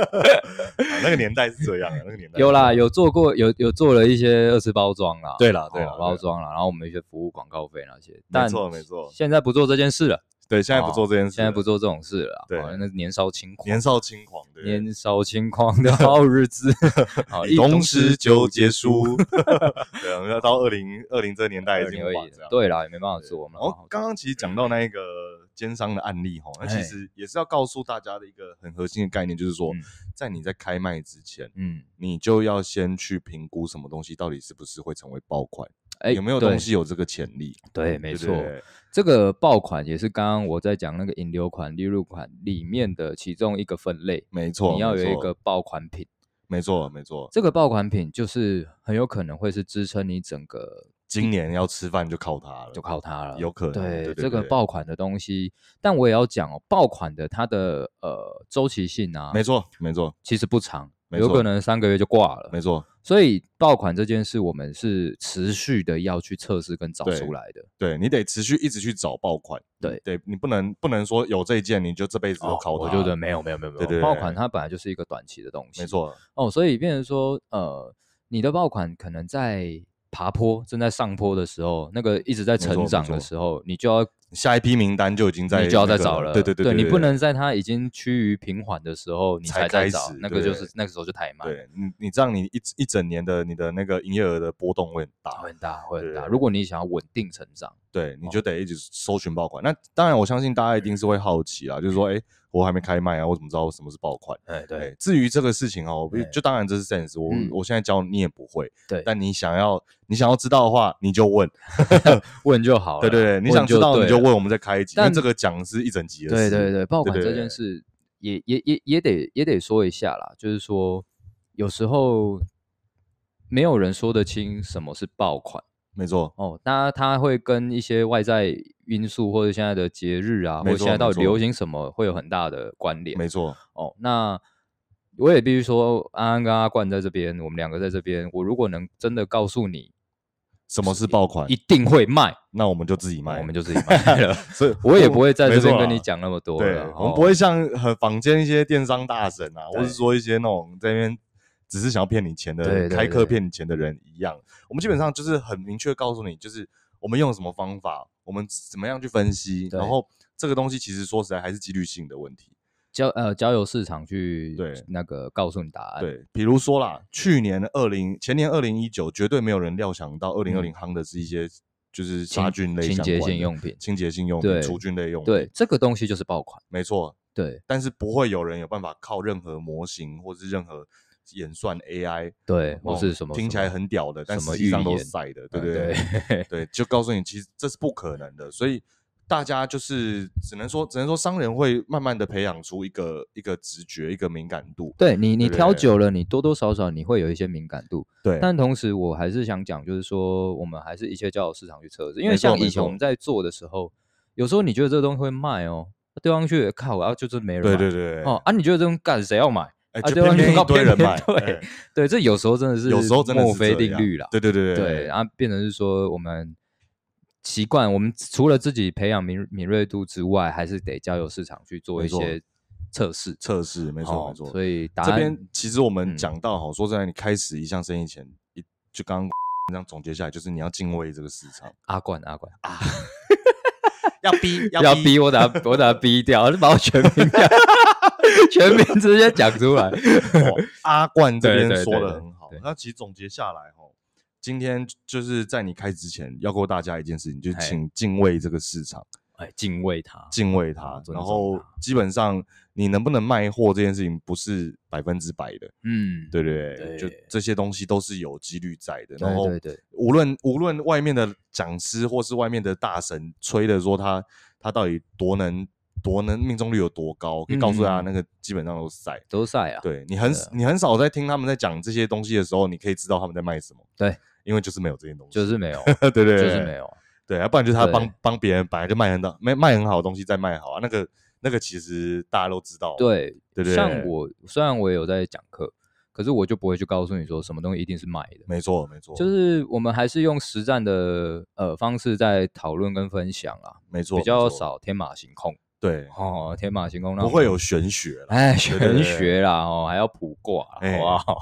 啊、那個年代是這樣的，那個年代。有啦，有做過，有有做了一些二次包裝啦、嗯。對啦，對啦，哦、對啦，包裝啦。然後我們一些服務廣告費那些，但沒錯沒錯，現在不做這件事了。對，現在不做這件事，哦，現在不做這種事了。對，好，那是年少輕狂，年少輕狂，對，年少輕狂的好日子， 好，同時就結束。 對，我們要到二零二零這個年代已經而已。對啦，也沒辦法做我們後剛剛其實講到那個奸商的案例哈、嗯，那其實也是要告訴大家的一個很核心的概念，就是說，嗯，在你在開賣之前，嗯，你就要先去評估什麼東西到底是不是會成為爆款。哎、欸，有沒有東西有這個潛力？對，沒錯、嗯，對對對對，這個爆款也是剛剛我在講那個引流款、利潤款裡面的其中一個分類。沒錯，你要有一個爆款品。沒錯，沒錯，這個爆款品就是很有可能會是支撐你整個、嗯、今年要吃飯就靠它了，就靠它了。有可能。對，對，對，對這個爆款的東西，但我也要講、哦，爆款的它的呃週期性啊，沒錯，沒錯，其實不長。有可能三個月就掛了，沒錯。所以爆款這件事，我們是持續的要去測試跟找出來的。對，對，你得持續一直去找爆款，對，對，你，你不能不能說有這一件你就這輩子都靠它了。哦，我就覺得沒有沒有沒有沒有，對對對，爆款，它本來就是一個短期的東西，沒錯。哦，所以變成說，呃，你的爆款可能在爬坡，正在上坡的時候，那個一直在成長的時候，你就要。下一批名單就已經在、那個，你就要再找了。對對對，對，對，對你不能在它已經趨於平緩的時候，才你才再找，那個就是那個時候就太慢。對你，你這樣你一一整年的你的那個營業額的波動會很大，會很大，會很大。如果你想要穩定成長。對，你就得一直搜尋爆款、哦。那當然，我相信大家一定是會好奇啦，嗯、就是說，哎、欸，我還沒開賣啊，我怎麼知道我什麼是爆款？哎、嗯，對。至於這個事情哦、喔，就當然這是 sense。我、嗯、我現在教你也不會，對。但你想要，你想要知道的話，你就問 問就好了。對對對，對，你想知道你就問，我們再開一集，但因這個講是一整集的事。對，對對對，爆款這件事對對對對也也也也得也得說一下啦，就是說，有時候沒有人說得清什麼是爆款。沒錯哦，那它會跟一些外在因素，或者現在的節日啊，或者現在到底流行什麼，會有很大的關聯。沒錯哦，那我也必須說，安安跟阿冠在這邊，我們兩個在這邊，我如果能真的告訴你什麼是爆款，一定會賣，那我們就自己賣、嗯，我們就自己賣了。所 以 我也不會在這邊跟你講那麼多。對，我們不會像很坊間一些電商大神啊，或是說一些那種在那邊。只是想要騙你錢的人，對對對，開課騙你錢的人一樣，我們基本上就是很明確告訴你，就是我們用什麼方法，我們怎麼樣去分析，然後這個東西其實說實在還是幾率性的問題，交呃，交由市場去對那個告訴你答案。對，比如說啦，去年二零，前年二零一九，絕對沒有人料想到二零二零夯的是一些就是殺菌類的清潔性用品、清潔性用品、除菌類用品。對，這個東西就是爆款，沒錯。對，但是不會有人有辦法靠任何模型或者是任何。演算 AI 對，或是什麼聽起來很屌的什麼，但實際上都曬的，對不對？對， 對，就告訴你，其實這是不可能的。所以大家就是只能說，只能說商人會慢慢的培養出一個一個直覺，一個敏感度。對你對對，你挑久了，你多多少少你會有一些敏感度。但同時我還是想講，就是說我們還是一切交由市場去測試。因為像以前我們在做的時候，沒錯沒錯，有時候你覺得這東西會賣哦，對、啊、方去也靠，然、啊、後就是沒人。對對對，對。哦啊，你覺得這東西幹誰要買？哎、欸啊，就偏偏一堆人買，對、欸、對，這有時候真的是墨菲，有時候真的墨菲定律了。對對對對，然後、啊、變成是說，我們習慣、嗯、我們除了自己培養敏敏銳度之外，還是得交由市場去做一些測試測試。沒錯沒錯、哦，所以這邊其實我們講到好說實在，你開始一項生意前，就剛剛這樣總結下來，就是你要敬畏這個市場。阿冠阿冠啊，啊，啊，啊 要，要逼要逼 我打我打逼掉，就把我全逼掉。 全名直接講出來、 哦，阿冠這邊說的很好。那其實總結下來齁，哈，今天就是在你開始之前，要告訴大家一件事情，就請敬畏這個市場，敬畏它，敬畏它、嗯。然後基本上你能不能賣貨這件事情，不是百分之百的，嗯，對對、對，對，就這些東西都是有幾率在的。然後無論無論外面的講師或是外面的大神吹的說他他到底多能。多呢？命中率有多高？可以告訴大家，那個基本上都曬、嗯，都曬啊！對你很、嗯、你很少在聽他們在講這些東西的時候，你可以知道他們在賣什麼。對，因為就是沒有這些東西，就是沒有。 對，對，對對，就是沒有。對，不然就是他幫幫別人，本來就賣很到沒賣很好的東西，再賣好啊。那個那個，其實大家都知道。對對，對對，像我雖然我也有在講課，可是我就不會去告訴你說什麼東西一定是賣的。沒錯沒錯，就是我們還是用實戰的呃方式在討論跟分享啊。沒錯，比較少天馬行空。對哦，天馬行空，那不會有玄學啦，哎，玄學啦，哦，還要卜卦，啊，哇，欸，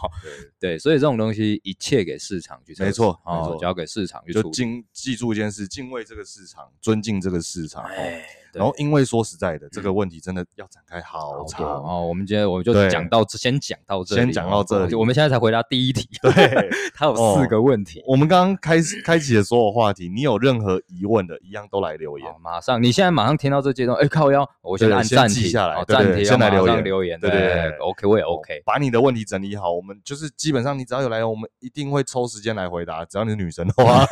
對，所以這種東西一切給市場去，沒錯，哦，交給市場去，哦，就敬記住一件事，敬畏這個市場，尊敬這個市場，哎。哦然後，因為說實在的、嗯，這個問題真的要展開好長 okay，哦。我們今天我們就講到，到這，先講到這，先講到這。我們現在才回答第一題，對， 它有四個問題。哦、我們剛剛開開啟的所有話題，你有任何疑問的，一樣都來留言。哦、馬上，你現在馬上聽到這階段，哎、欸，靠腰，我先按暫停，記下來，暫停、哦、先來留言，對對對，對，對，對，對，對，對，OK，我也 OK、哦。把你的問題整理好，我們就是基本上你只要有來，我們一定會抽時間來回答。只要你是女生的話，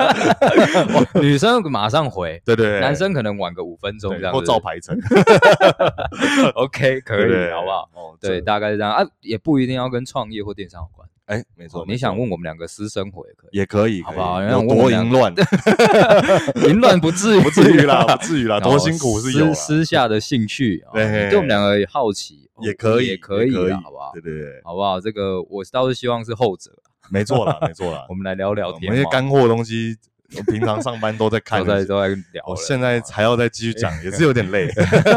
女生馬上回，對對對，男生可能晚個五分鐘，然後照排成 ，OK，可以，好不好？對，哦、對，大概是這樣啊，也不一定要跟創業或電商有關。哎、欸，沒錯、哦，你想問我們兩個私生活也可以，也可以，好不好？有多淫亂？淫亂 不至於，不至於啦，不至於啦，多辛苦是有。私下的興趣啊、哦，對我們兩個好奇也可以，也可以，可以啦，好不好？對對對，好不好？這個我倒是希望是後者。 沒錯啦，沒錯啦， 我們來聊聊天，一、哦、些乾貨東西。 我平常上班都在看， 都在都在聊。我現在還要再繼續講， 也是有點累。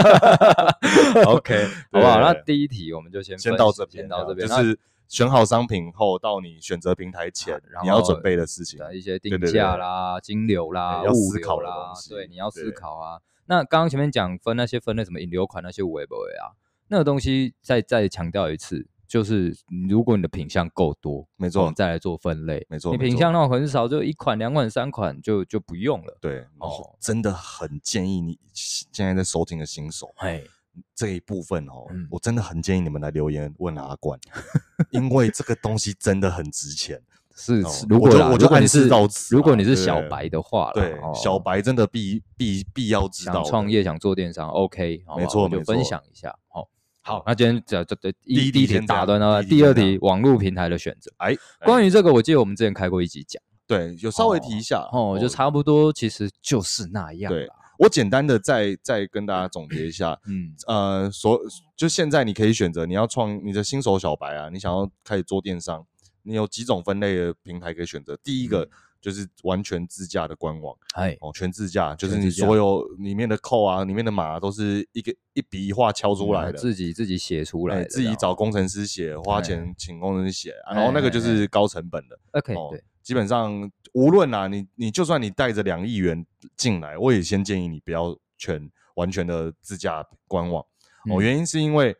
OK，好不好？那第一題我們就先先到這邊，先到這邊、啊。就是選好商品後，到你選擇平台前、啊然後，你要準備的事情，一些定價啦、對對對對金流啦，物流啦，要思考啦，對，你要思考啊。那剛剛前面講分那些分類，什麼引流款那些我也不會啊？那個東西再再強調一次。就是如果你的品項夠多，沒錯，你再來做分類，沒錯。你品項，那種很少，就一款、兩款、三款就，就就不用了。對，哦，真的很建議你現在在收聽的新手，哎，這一部分哦、嗯，我真的很建議你們來留言問阿冠，嗯、 因為這個東西真的很值錢。 是、哦、如果我就關鍵是，如果你是小白的話，對，對、哦，小白真的必必必要知道。想創業，想做電商，OK，沒錯，我們分享一下，好。哦好，那今天只要就第一第一題先打斷啊，第二題網絡平台的選擇。哎，關於這個，我記得我們之前開過一集講，對，有稍微提一下哦，哦，就差不多，其實就是那樣。對，我簡單的再再跟大家總結一下，嗯呃，所就現在你可以選擇，你要創你的新手小白啊，你想要開始做電商，你有幾種分類的平台可以選擇，第一個。嗯就是完全自架的官網、哎，哦，全自架就是你所有裡面的扣啊，裡面的碼、啊、都是一個一筆一畫敲出來的，嗯、自己自己寫出來的、哎，自己找工程師寫，花錢、哎、請工程師寫、哎，然後那個就是高成本的。哎哦哎哎、基本上、哎、無論啊，你你就算你帶着兩億元進來，我也先建議你不要全完全的自架官網、嗯。哦，原因是因為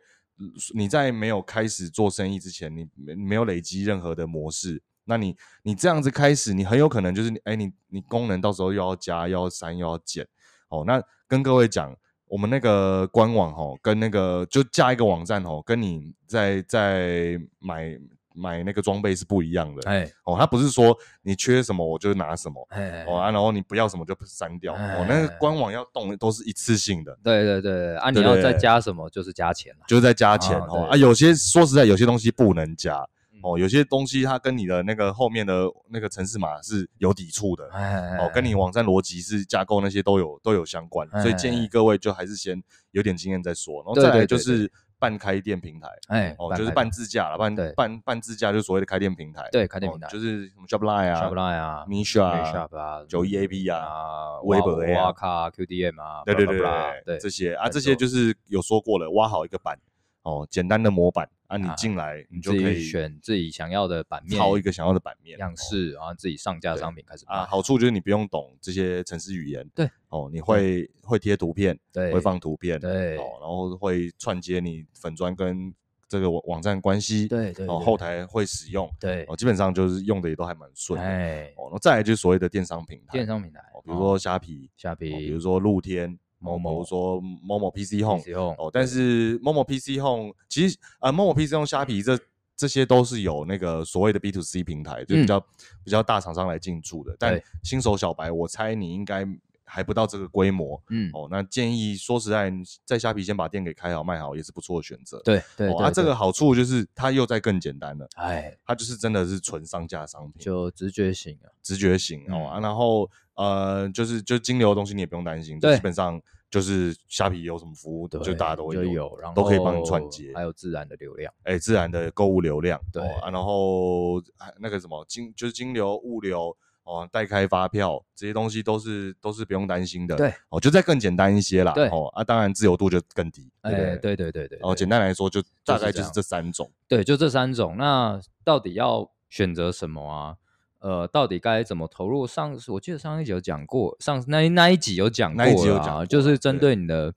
你在沒有開始做生意之前，你沒沒有累積任何的模式。那你你這樣子開始，你很有可能就是，哎、欸，你你功能到時候又要加，又要刪，又要減，哦，那跟各位講，我們那個官網哦，跟那個就架一個網站哦，跟你在在買買那個裝備是不一樣的，哎，哦，他不是說你缺什麼我就拿什麼，哎，哎，哦，啊、然後你不要什麼就刪掉，哎哎哦，那個官網要動的都是一次性的，對對對，啊對對對，啊你要再加什麼就是加錢就是再加錢哦，哦哦對對對啊，有些說實在有些東西不能加。哦，有些東西它跟你的那個後面的那個程式碼是有抵觸的，唉唉唉哦，跟你網站邏輯是架構那些都有都有相關，唉唉所以建議各位就還是先有點經驗再說，然後就是半開店平台，對對對對哦，就是半自架了，半半半自架就是所謂的開店平台，對，開店平台、哦、就是什麼 ShopLine 啊、Misha、Shop 啊、91APP 啊、Weber 啊哇哇、QDM 啊，對對對 blah blah, 對對,對,對,對，這些啊這些就是有說過了，挖好一個板。哦，簡單的模板、嗯、啊，你進來、啊、你就可以自選自己想要的版面，挑一個想要的版面樣式、哦，然後自己上架的商品開始啊，好處就是你不用懂這些程式語言，對，哦，你會會貼圖片，對，會放圖片，對，哦，然後會串接你粉專跟這個網網站關係，對對,對對，哦，後台會使用，對，哦，基本上就是用的也都還蠻順，哎，哦，再來就是所謂的電商平台，電商平台，哦、比如說蝦皮，蝦皮、哦，比如說露天。某某、嗯、說某某 PC, PC Home 哦，對對對，但是某某 PC Home 其實呃某某 PC Home 蝦皮這這些都是有那個所謂的 B to C 平台，嗯、就比較比較大廠商來進駐的。但新手小白，我猜你應該。還不到這個規模，嗯，哦，那建議說實在，在蝦皮先把店給開好，賣好，也是不錯的選擇。對，對，對哦，啊，這個好處就是它又再更簡單了，嗯，哎，它就是真的是純上架商品，就直覺型啊，直覺型，哦嗯啊，然後呃，就是就金流的東西你也不用擔心，對，嗯，就基本上就是蝦皮有什麼服務，對就大家都會有，有然後，都可以幫你串接，還有自然的流量，哎，自然的購物流量，哦、對，啊，然後那個什麼金就是金流物流。哦，代開發票這些東西都是都是不用擔心的。對，哦，就再更簡單一些啦。對，哦，那、啊、當然自由度就更低。欸、對，對，對對對對對。哦，簡單來說，就大概就是這三種、就是這樣。對，就這三種。那到底要選擇什麼啊？呃，到底該怎麼投入？上，我記得上一集有講過，上那那一集有講過，那一集有講、啊啊，就是針對你的對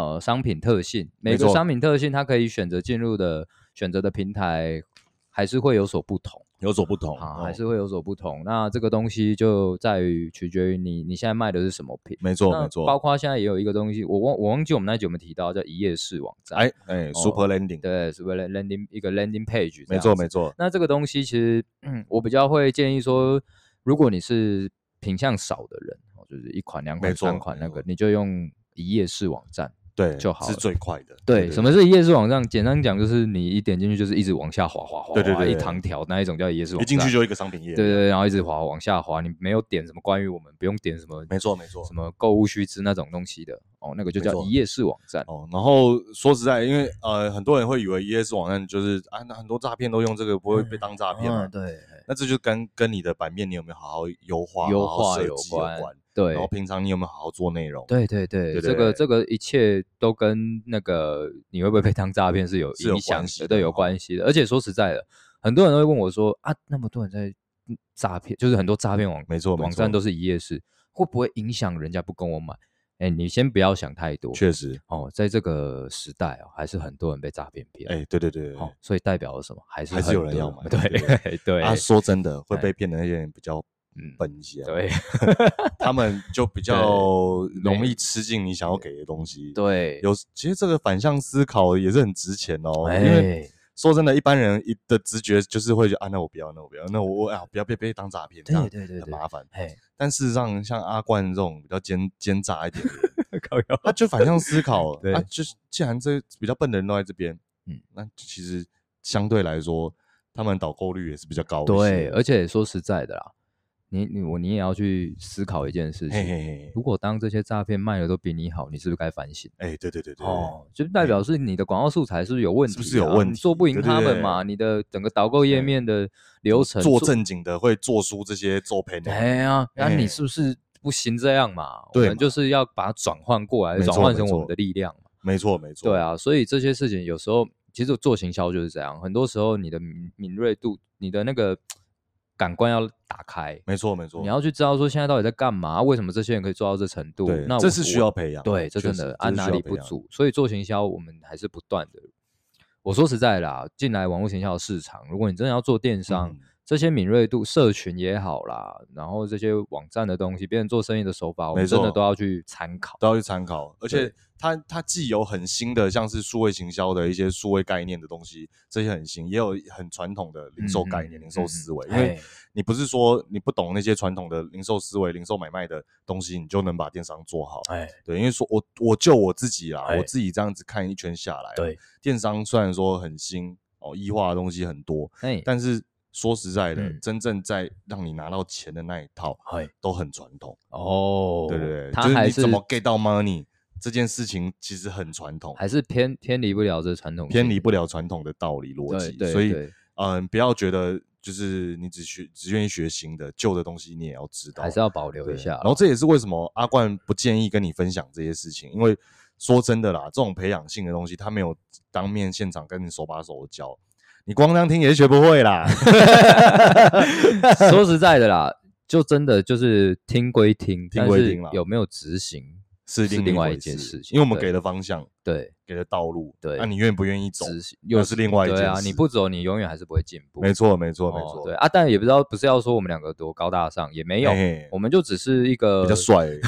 呃商品特性，每個商品特性，它可以選擇進入的選擇的平台，還是會有所不同。有所不同，啊，還是會有所不同，哦。那這個東西就在於取決於你你現在賣的是什麼品，沒錯沒錯。包括現在也有一個東西，我忘我忘記我們那集有沒有提到叫一頁式網站？哎哎、哦、Super Landing，對，Super Landing 一個 Landing Page，沒錯沒錯。那這個東西其實、嗯、我比較會建議說，如果你是品項少的人，就是一款兩款三款那個，你就用一頁式網站。對，就好是最快的。對，對對對。什麼是一頁式網站？簡單講就是你一點進去就是一直往下滑滑滑，對對對，一長條那一種叫一頁式網站。一進去就一個商品頁，對，對對，然後一直滑往下滑、嗯，你沒有點什麼關於我們，不用點什麼，嗯、沒錯沒錯，什麼購物須知那種東西的哦，那個就叫一頁式網站哦。然後說實在，因為呃很多人會以為一頁式網站就是啊，那很多詐騙都用這個，不會被當詐騙嗎？對，那這就跟跟你的版面你有沒有好好優化、優化有關。對，然後平常你有沒有好好做內容對對對？對對對，這個對對對這個一切都跟那個你會不會被當詐騙是有影響的，是有關係的，有關係的。而且說實在的，很多人都會問我說啊，那麼多人在詐騙，就是很多詐騙網、嗯、沒錯，網站都是一頁式，會不會影響人家不跟我買？哎、欸，你先不要想太多，確實哦，在這個時代哦，還是很多人被詐騙騙。哎、欸，對對對，哦，所以代表了什麼？還是還是有人要買的？對對、對、對， 對。啊，說真的，會被騙的那些人比較。笨、嗯、一些、啊，對，他們就比較容易吃進你想要給的東西。對，有其實這個反向思考也是很值錢哦。對，因為說真的，一般人一的直覺就是會覺得啊，那我不要，那我不要，那我啊，不要被被當詐騙，這樣對對對，很麻煩。但事實上，像阿冠這種比較奸奸詐一點的人，的，鴨，他就反向思考，對，啊、就是既然這比較笨的人都在這邊，嗯，那其實相對來說，他們導購率也是比較高的。對，而且說實在的啦。你你我你也要去思考一件事情，hey, hey, hey, 如果當這些詐騙賣的都比你好，你是不是該反省？哎、欸，對對對對，哦，就代表是你的廣告素材是不是有問題、啊？是不是有問題？啊、做不贏他們嘛對對對？你的整個導購頁面的流程，對對對，做，做正經的會做出這些作品。哎呀、啊欸，那你是不是不行這樣嘛，嘛？我們就是要把它轉換過來，轉換成我們的力量嘛？沒錯沒錯，沒錯。對啊，所以這些事情有時候其實做行銷就是這樣，很多時候你的敏銳度，你的那個。感官要打開，沒錯沒錯，你要去知道說現在到底在幹嘛，為什麼這些人可以做到這程度？那我這是需要培養，對，這真的這按哪裡不足，所以做行銷我們還是不斷的。我說實在的，進來網絡行銷的市場，如果你真的要做電商。嗯這些敏銳度、社群也好啦，然後這些網站的東西、別人做生意的手法，我們真的都要去參考，都要去參考。而且它，它它既有很新的，像是數位行銷的一些數位概念的東西，這些很新；也有很傳統的零售概念、嗯、零售思維、嗯嗯。因為你不是說你不懂那些傳統的零售思維、零售買賣的東西，你就能把電商做好。哎，對，因為說我我就我自己啦、哎，我自己這樣子看一圈下來，對電商雖然說很新哦，異化的東西很多，哎、但是。說實在的、嗯，真正在讓你拿到錢的那一套，嗯、都很傳統哦，對對對、他就是你怎麼 get 到 money 這件事情，其實很傳統，還是偏偏離不了這傳統，偏離不了傳統的道理邏輯。所以，嗯，不要覺得就是你只學只願意學新的，舊的東西你也要知道，還是要保留一下。然後這也是為什麼阿冠不建議跟你分享這些事情，嗯、因為說真的啦，這種培養性的東西，他沒有當面現場跟你手把手教。你光這樣聽也是學不會啦。 說實在的啦，就真的就是聽歸聽,聽歸聽啦，但是有沒有執行是另外一件事情事。因為我們給的方向，對，對給的道路，對，那、啊、你願不願意走，執行，又是另外一件事對啊。你不走，你永遠還是不會進步。沒錯，沒錯、哦，沒錯。對啊，但也不知道不是要說我們兩個多高大上，也沒有，嘿嘿我們就只是一個比較帥、欸，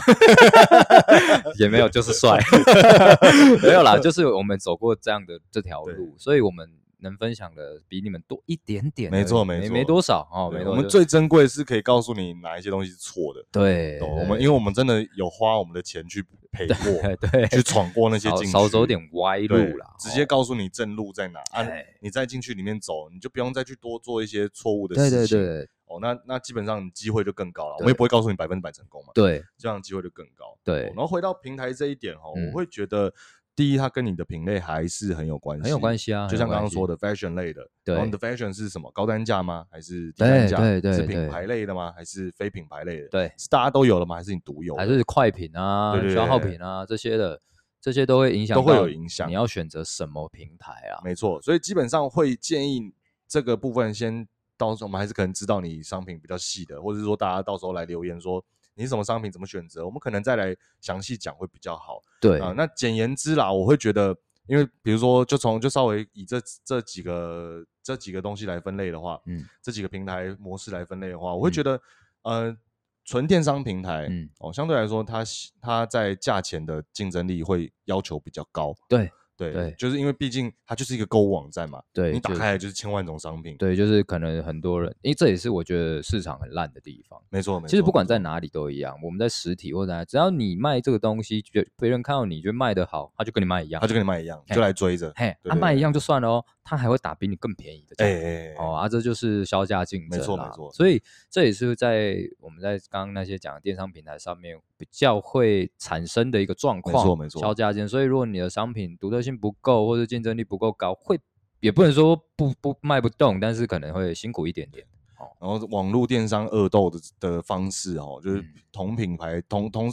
也沒有，就是帥， 沒有啦，就是我們走過這樣的這條路，所以我們。能分享的比你們多一點點，沒錯沒錯，沒多少啊，我們最珍貴是可以告訴你哪一些東西是錯的，對，我們因為我們真的有花我們的錢去賠過，對，對去闖過那些境，少走點歪路，喔，直接告訴你正路在哪，啊，你再進去裡面走，你就不用再去多做一些錯誤的事情，對對對。哦、喔，那那基本上機會就更高了，我們也不會告訴你百分之百成功嘛，對，這樣機會就更高對。對，然後回到平台這一點哦、嗯，我會覺得。第一，它跟你的品類還是很有關係，很有關係啊關係。就像剛剛說的，fashion 類的，對，然後你的 fashion 是什麼？高單價嗎？還是低單價？是品牌類的嗎？還是非品牌類的？對，是大家都有了嗎？還是你獨有？還是快品啊，對對對對，消耗品啊這些的，這些都會影響，都會有影響。你要選擇什麼平台啊？沒錯，所以基本上會建議這個部分先到時候我們還是可能知道你商品比較細的，或者是說大家到時候來留言說。你什麼商品怎麼選擇？我們可能再來詳細講會比較好。對啊、呃，那簡言之啦，我會覺得，因為比如說，就從就稍微以這這幾個這幾個東西來分類的話、嗯，這幾個平台模式來分類的話，我會覺得，嗯、呃，純電商平台，嗯，哦，相對來說，它它在價錢的競爭力會要求比較高。對。對，對，就是因為畢竟它就是一個購物網站嘛，對，你打開來就是千萬種商品。對，就是可能很多人，因為這也是我覺得市場很爛的地方。沒錯，其實不管在哪裡都一樣，我們在實體或者只要你賣這個東西，別人看到你覺得賣得好，他就跟你賣一樣，他就跟你賣一樣，就來追着，他、啊、賣一樣就算了哦，他還會打比你更便宜的價格，哎、欸、哎、欸欸，哦啊，這就是削價競爭，沒錯沒錯，所以這也是在我們在剛剛那些講電商平台上面，比較會產生的一個狀況，沒錯沒錯，削價戰，所以如果你的商品獨特性不夠，或者競爭力不夠高，會也不能說不不，不賣不動，但是可能會辛苦一點點。哦、然後網絡電商惡鬥的的方式哦，就是同品牌同同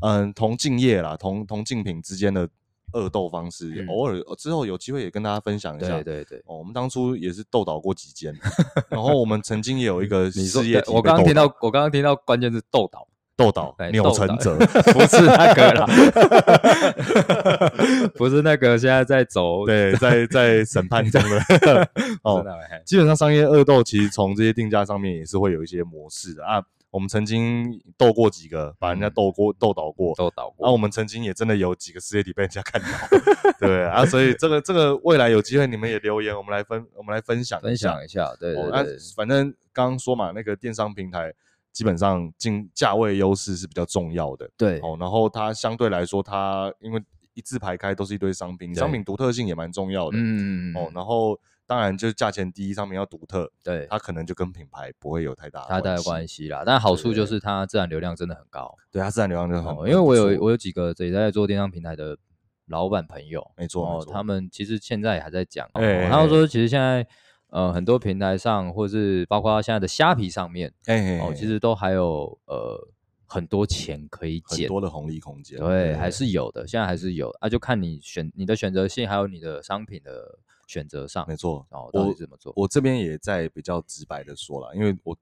嗯同競業啦，同同競品之間的惡鬥方式，嗯、偶爾之後有機會也跟大家分享一下。對對對，哦、我們當初也是鬥倒過幾間， 然後我們曾經也有一個事業，我剛剛聽到我剛剛聽到關鍵是鬥倒。鬥倒扭成者， 不是那個了， 不是那個。現在在走，對，在在審判中了。哦、 喔， 基本上商業惡鬥，其實從這些定價上面也是會有一些模式的啊。我們曾經鬥過幾個，把人家鬥過，鬥、嗯、倒過，鬥倒過。啊，我們曾經也真的有幾個事業體被人家幹倒， 對啊。所以這個這個未來有機會，你們也留言，我們來分，我們來分享分享一下。對對、對、對、喔、啊、反正剛剛說嘛，那個電商平台。基本上，進價位優勢是比較重要的，對哦。然後它相對來說，它因為一字排開都是一堆商品，商品獨特性也蠻重要的，嗯嗯哦，然後當然就是價錢低，商品要獨特，對它可能就跟品牌不會有太大太大關係啦。但好處就是它自然流量真的很高，對,對它自然流量就很高、哦。因為我有我有幾個也在做電商平台的老闆朋友，沒錯，哦、嗯，他們其實現在還在講，哎、欸哦欸，他們說其實現在。呃、嗯，很多平台上，或是包括現在的蝦皮上面，哎、欸，哦，其實都還有呃很多錢可以撿，很多的紅利空間，對，對，對，對，還是有的，現在還是有啊，就看你選你的選擇性，還有你的商品的選擇上，沒錯，哦，到底怎麼做？我，我這邊也在比較直白的說了，因為我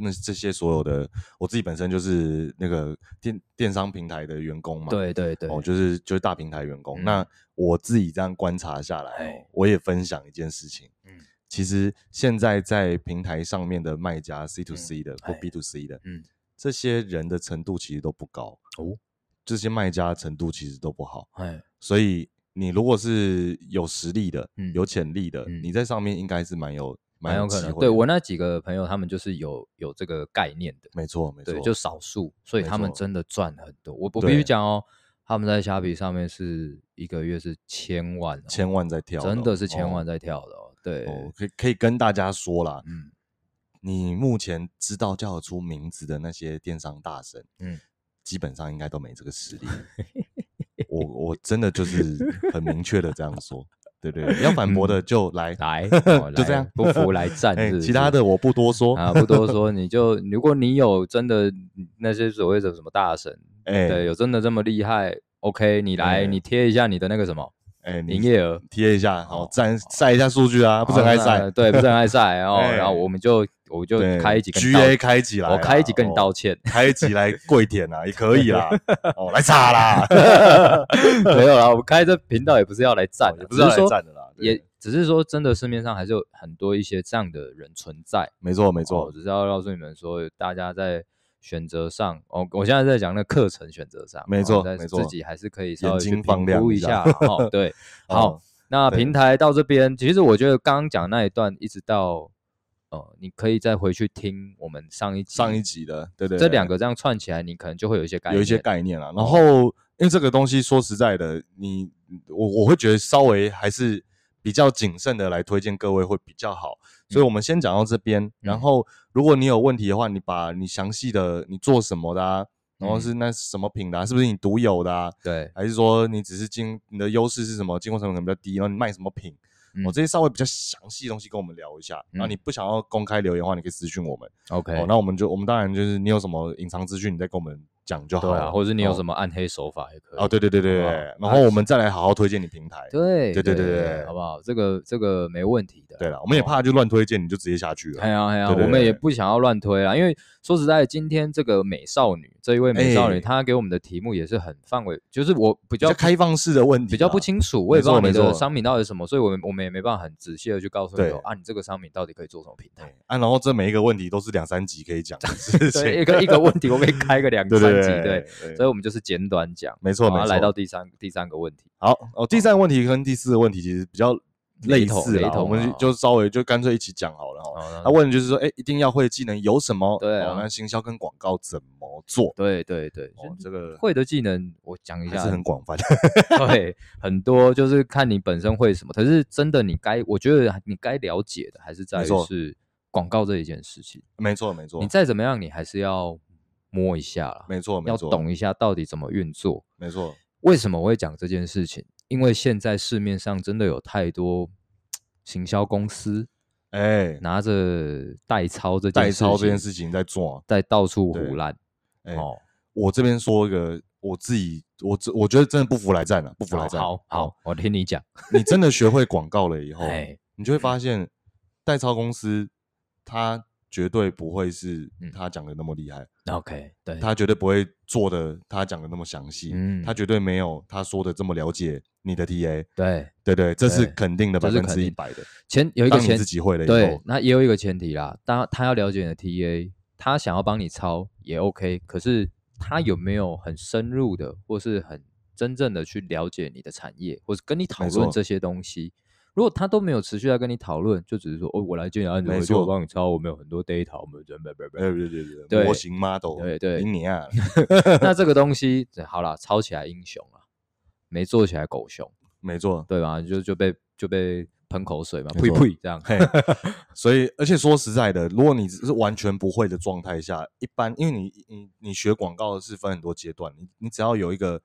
那這些所有的我自己本身就是那個電電商平台的員工嘛，對對對，哦，就是就是大平台員工、嗯，那我自己這樣觀察下來、哦欸，我也分享一件事情，嗯。其實現在在平台上面的賣家，C to C 的或 B to C 的，嗯，嗯這些人的程度其實都不高哦。這些賣家程度其實都不好，哎。所以你如果是有實力的，嗯，有潛力的，嗯，你在上面應該是蠻有蠻有，有可能。對，我那幾個朋友，他們就是有有這個概念的。沒錯，沒錯，對，就少數，所以他們真的賺很多。我我必須講哦，他們在蝦皮上面是一個月是千萬，哦，千萬在跳，哦，真的是千萬在跳的，哦。哦對，哦、可以可以跟大家說啦，嗯，你目前知道叫得出名字的那些電商大神，嗯，基本上應該都沒這個實力。 我我真的就是很明確的這樣說， 對不對，對？要反駁的就來、嗯、就來，哦、來 就這樣，不服來戰是不是、欸，其他的我不多說 啊，不多說。你就如果你有真的那些所謂的什麼大神、欸，對，有真的這麼厲害，OK，你來，嗯、你貼一下你的那個什麼。哎、欸，營業額貼一下，好，讚、哦、曬一下數據啊，哦、不准愛曬，對，對，不准愛曬，哦、欸，然後我們就，我就開一集，GA 開一集啦，我開一集跟你道歉，哦、開一集來跪舔啊， 也可以啦，哦， 來炸啦， 沒有啦，我們開這頻道也不是要來讚，也不是要來讚的啦，也只是說真的，市面上還是有很多一些這樣的人存在，沒錯沒錯，我只是要告訴你們說，大家在。選擇上，哦，我現在在講那個課程選擇上，沒、嗯、錯，沒錯，自己還是可以稍微去評估一下，哈、 哦，對，好、哦，那平台到這邊，其實我覺得剛剛講那一段，一直到，哦，你可以再回去聽我們上一集上一集的，對對，對？這兩個這樣串起來，你可能就會有一些概念，有一些概念了、啊。然後，因為這個東西說實在的，你我我會覺得稍微還是。比較謹慎的來推薦各位會比較好，所以我們先講到這邊。然後，如果你有問題的話，你把你詳細的你做什麼的啊，啊、嗯，然後是那什麼品的，啊，是不是你獨有的？啊？對，還是說你只是經你的優勢是什麼？進貨成本可能比較低，然後你賣什麼品？我，嗯、這些稍微比較詳細的東西跟我們聊一下，嗯。然後你不想要公開留言的話，你可以私信我們。OK，喔，那我們就我們當然就是你有什麼隱藏資訊，你再跟我們。講就好了，對啊、或者是你有什麼暗黑手法也可以，哦，也可以哦，對對對對好好，然後我們再來好好推薦你平台。對對對對對，好不好？這個這個沒問題的。對啦，我們也怕就亂推薦，你就直接下去了。哎呀哎呀，我們也不想要亂推啊。因為說實在的，今天這個美少女這一位美少女、欸，她給我們的題目也是很範圍，就是我比較，比較開放式的問題、啊，比較不清楚，我也不知道你的商品到底是什麼，所以我們我們也沒辦法很仔細的去告訴你啊，你這個商品到底可以做什麼平台對啊？然後這每一個問題都是兩三集可以講的事情， 對一個一個問題，我可以開個兩三集。 對對對，對，對，所以我們就是簡短講，沒錯沒錯。然後來到第三第三個問題，好哦，第三個問題跟第四個問題其實比較類似，類我們就、哦、就稍微就乾脆一起講好了哈、哦。那、啊、問就是說誒，一定要會技能有什麼？對，哦、那行銷跟廣告怎麼做？對對對，這個、哦、會的技能我講一下，是很廣泛的， 對，很多就是看你本身會什麼。可是真的，你該我覺得你該了解的還是在於是廣告這一件事情，沒錯沒錯。你再怎麼樣，你還是要。摸一下沒錯，要懂一下到底怎麼運作，沒錯。為什麼我會講這件事情？因為現在市面上真的有太多行銷公司，哎、欸，拿着代操這件代操這件事情在做，在到處胡亂、欸。哦，我這邊說一個，我自己，我我覺得真的不服來戰了、啊，不服來戰。好，好、哦好，我聽你講，你真的學會廣告了以後，哎、欸，你就會發現，代操公司他絕對不會是他講的那麼厲害。嗯 OK，對他絕對不會做的，他講的那麼詳細，嗯，他絕對沒有他說的這麼了解你的 TA，對，對對，這是肯定的，百分之一百的、就是、前有一個前提自己會了，對，那也有一個前提啦，當他，他要了解你的 TA，他想要幫你抄也 OK，可是他有沒有很深入的或是很真正的去了解你的產業，或是跟你討論這些東西？如果他都沒有持續在跟你討論，就只是說哦，我來教你案子，沒錯，我幫你抄。我們有很多 data，我們準備準備。對，對,對,對模型 model，對對，對。你啊、 那這個東西好了，抄起來英雄啊，沒做起來狗熊，沒做，對吧？就就被就被噴口水嘛，呸呸，這樣，這樣嘿。所以，而且說實在的，如果你是完全不會的狀態下，一般因為你你你學廣告的是分很多階段，你你只要有一個。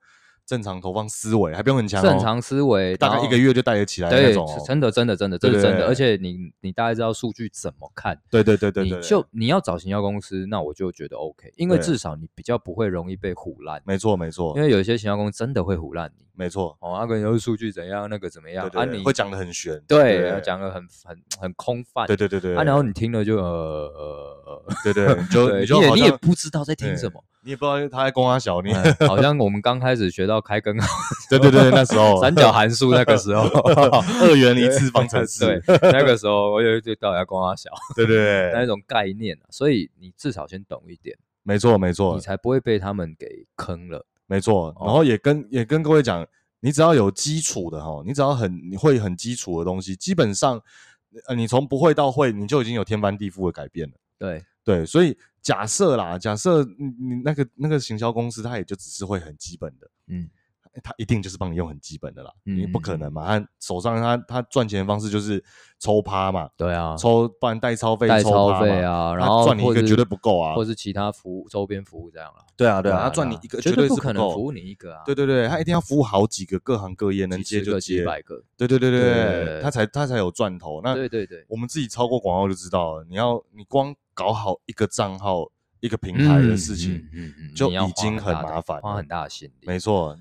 正常投放思維還不用很強、哦，正常思維大概一個月就帶得起來、哦、對，種，真的真的真的這是真的，而且你你大概知道數據怎麼看，對對對對，對，對，對，對，你就你要找行銷公司，那我就覺得 OK，因為至少你比較不會容易被唬爛，沒錯沒錯，因為有些行銷公司真的會唬爛你。沒錯，哦，那個又是數據怎樣，那個怎麼樣？對對對啊你，你會講的很玄，對，講的很很很空泛，對對對對，對。對對對對啊，然後你聽了就，呃，呃對，對對，就 對你也你，就你也不知道在聽什麼，欸、你也不知道他在攻阿小，你、欸、好像我們剛開始學到開根號， 對，對對對，那時候 三角函數那個時候， 二元一次方程次，式， 對，那個時候我以為就到底要攻阿小， 對對，對，對 那一種概念啊，所以你至少先懂一點，沒錯沒錯，你才不會被他們給坑了。沒錯，然後也跟、哦、也跟各位講，你只要有基礎的吼，你只要很，你會很基礎的東西，基本上，呃，你從不會到會，你就已經有天翻地覆的改變了。對對，所以假設啦，假設你你那個那個行銷公司，它也就只是會很基本的，嗯。欸、他一定就是幫你用很基本的啦，嗯嗯，因為不可能嘛。他手上他他賺錢的方式就是抽趴嘛，對啊，抽，不然代操費，對啊抽，然後賺你一個絕對不夠啊，或者是，是其他服務周邊服務這樣啦、啊。對啊對啊，對啊，他賺你一個絕對，是絕對不可能服務你一個啊，對對對，他一定要服務好幾個各行各業，能接就接，幾，個幾百個，對對對對，對對對對，他才他才有賺頭。那對，對對對，我們自己操過廣告就知道了。你要你光搞好一個賬號一個平台的事情，嗯嗯嗯嗯嗯嗯嗯，就已經很麻煩，花很大心力，沒錯。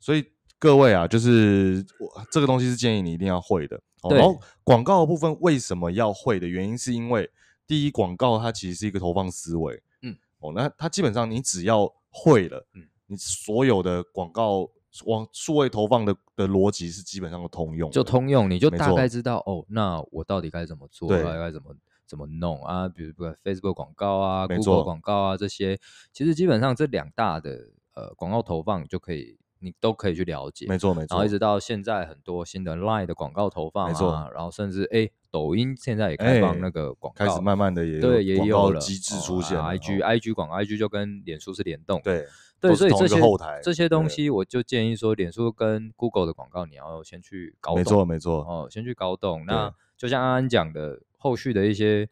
所以各位啊，就是我這個東西是建議你一定要會的，哦。然後廣告的部分為什麼要會的原因，是因為第一，廣告它其實是一個投放思維，嗯，哦，那它基本上你只要會了，嗯，你所有的廣告往數位投放的的邏輯是基本上都通用的，就通用，你就大概知道哦，那我到底該怎麼做，啊，該怎麼怎麼弄啊？比如 Facebook 廣告啊，Google 廣告啊這些，其實基本上這兩大的呃廣告投放就可以。你都可以去了解，沒錯沒錯。然後一直到現在，很多新的 Line 的廣告投放啊，沒錯，然後甚至誒、欸、抖音現在也開放那個廣告、欸，開始慢慢的也有廣告機制出現。哦啊、IG IG 廣 IG 就跟臉書是聯動，對對，對，所以這些後台這些東西，我就建議說，臉書跟 Google 的廣告你要先去搞懂，沒錯沒錯，哦，先去搞懂。那就像安安講的，後續的一些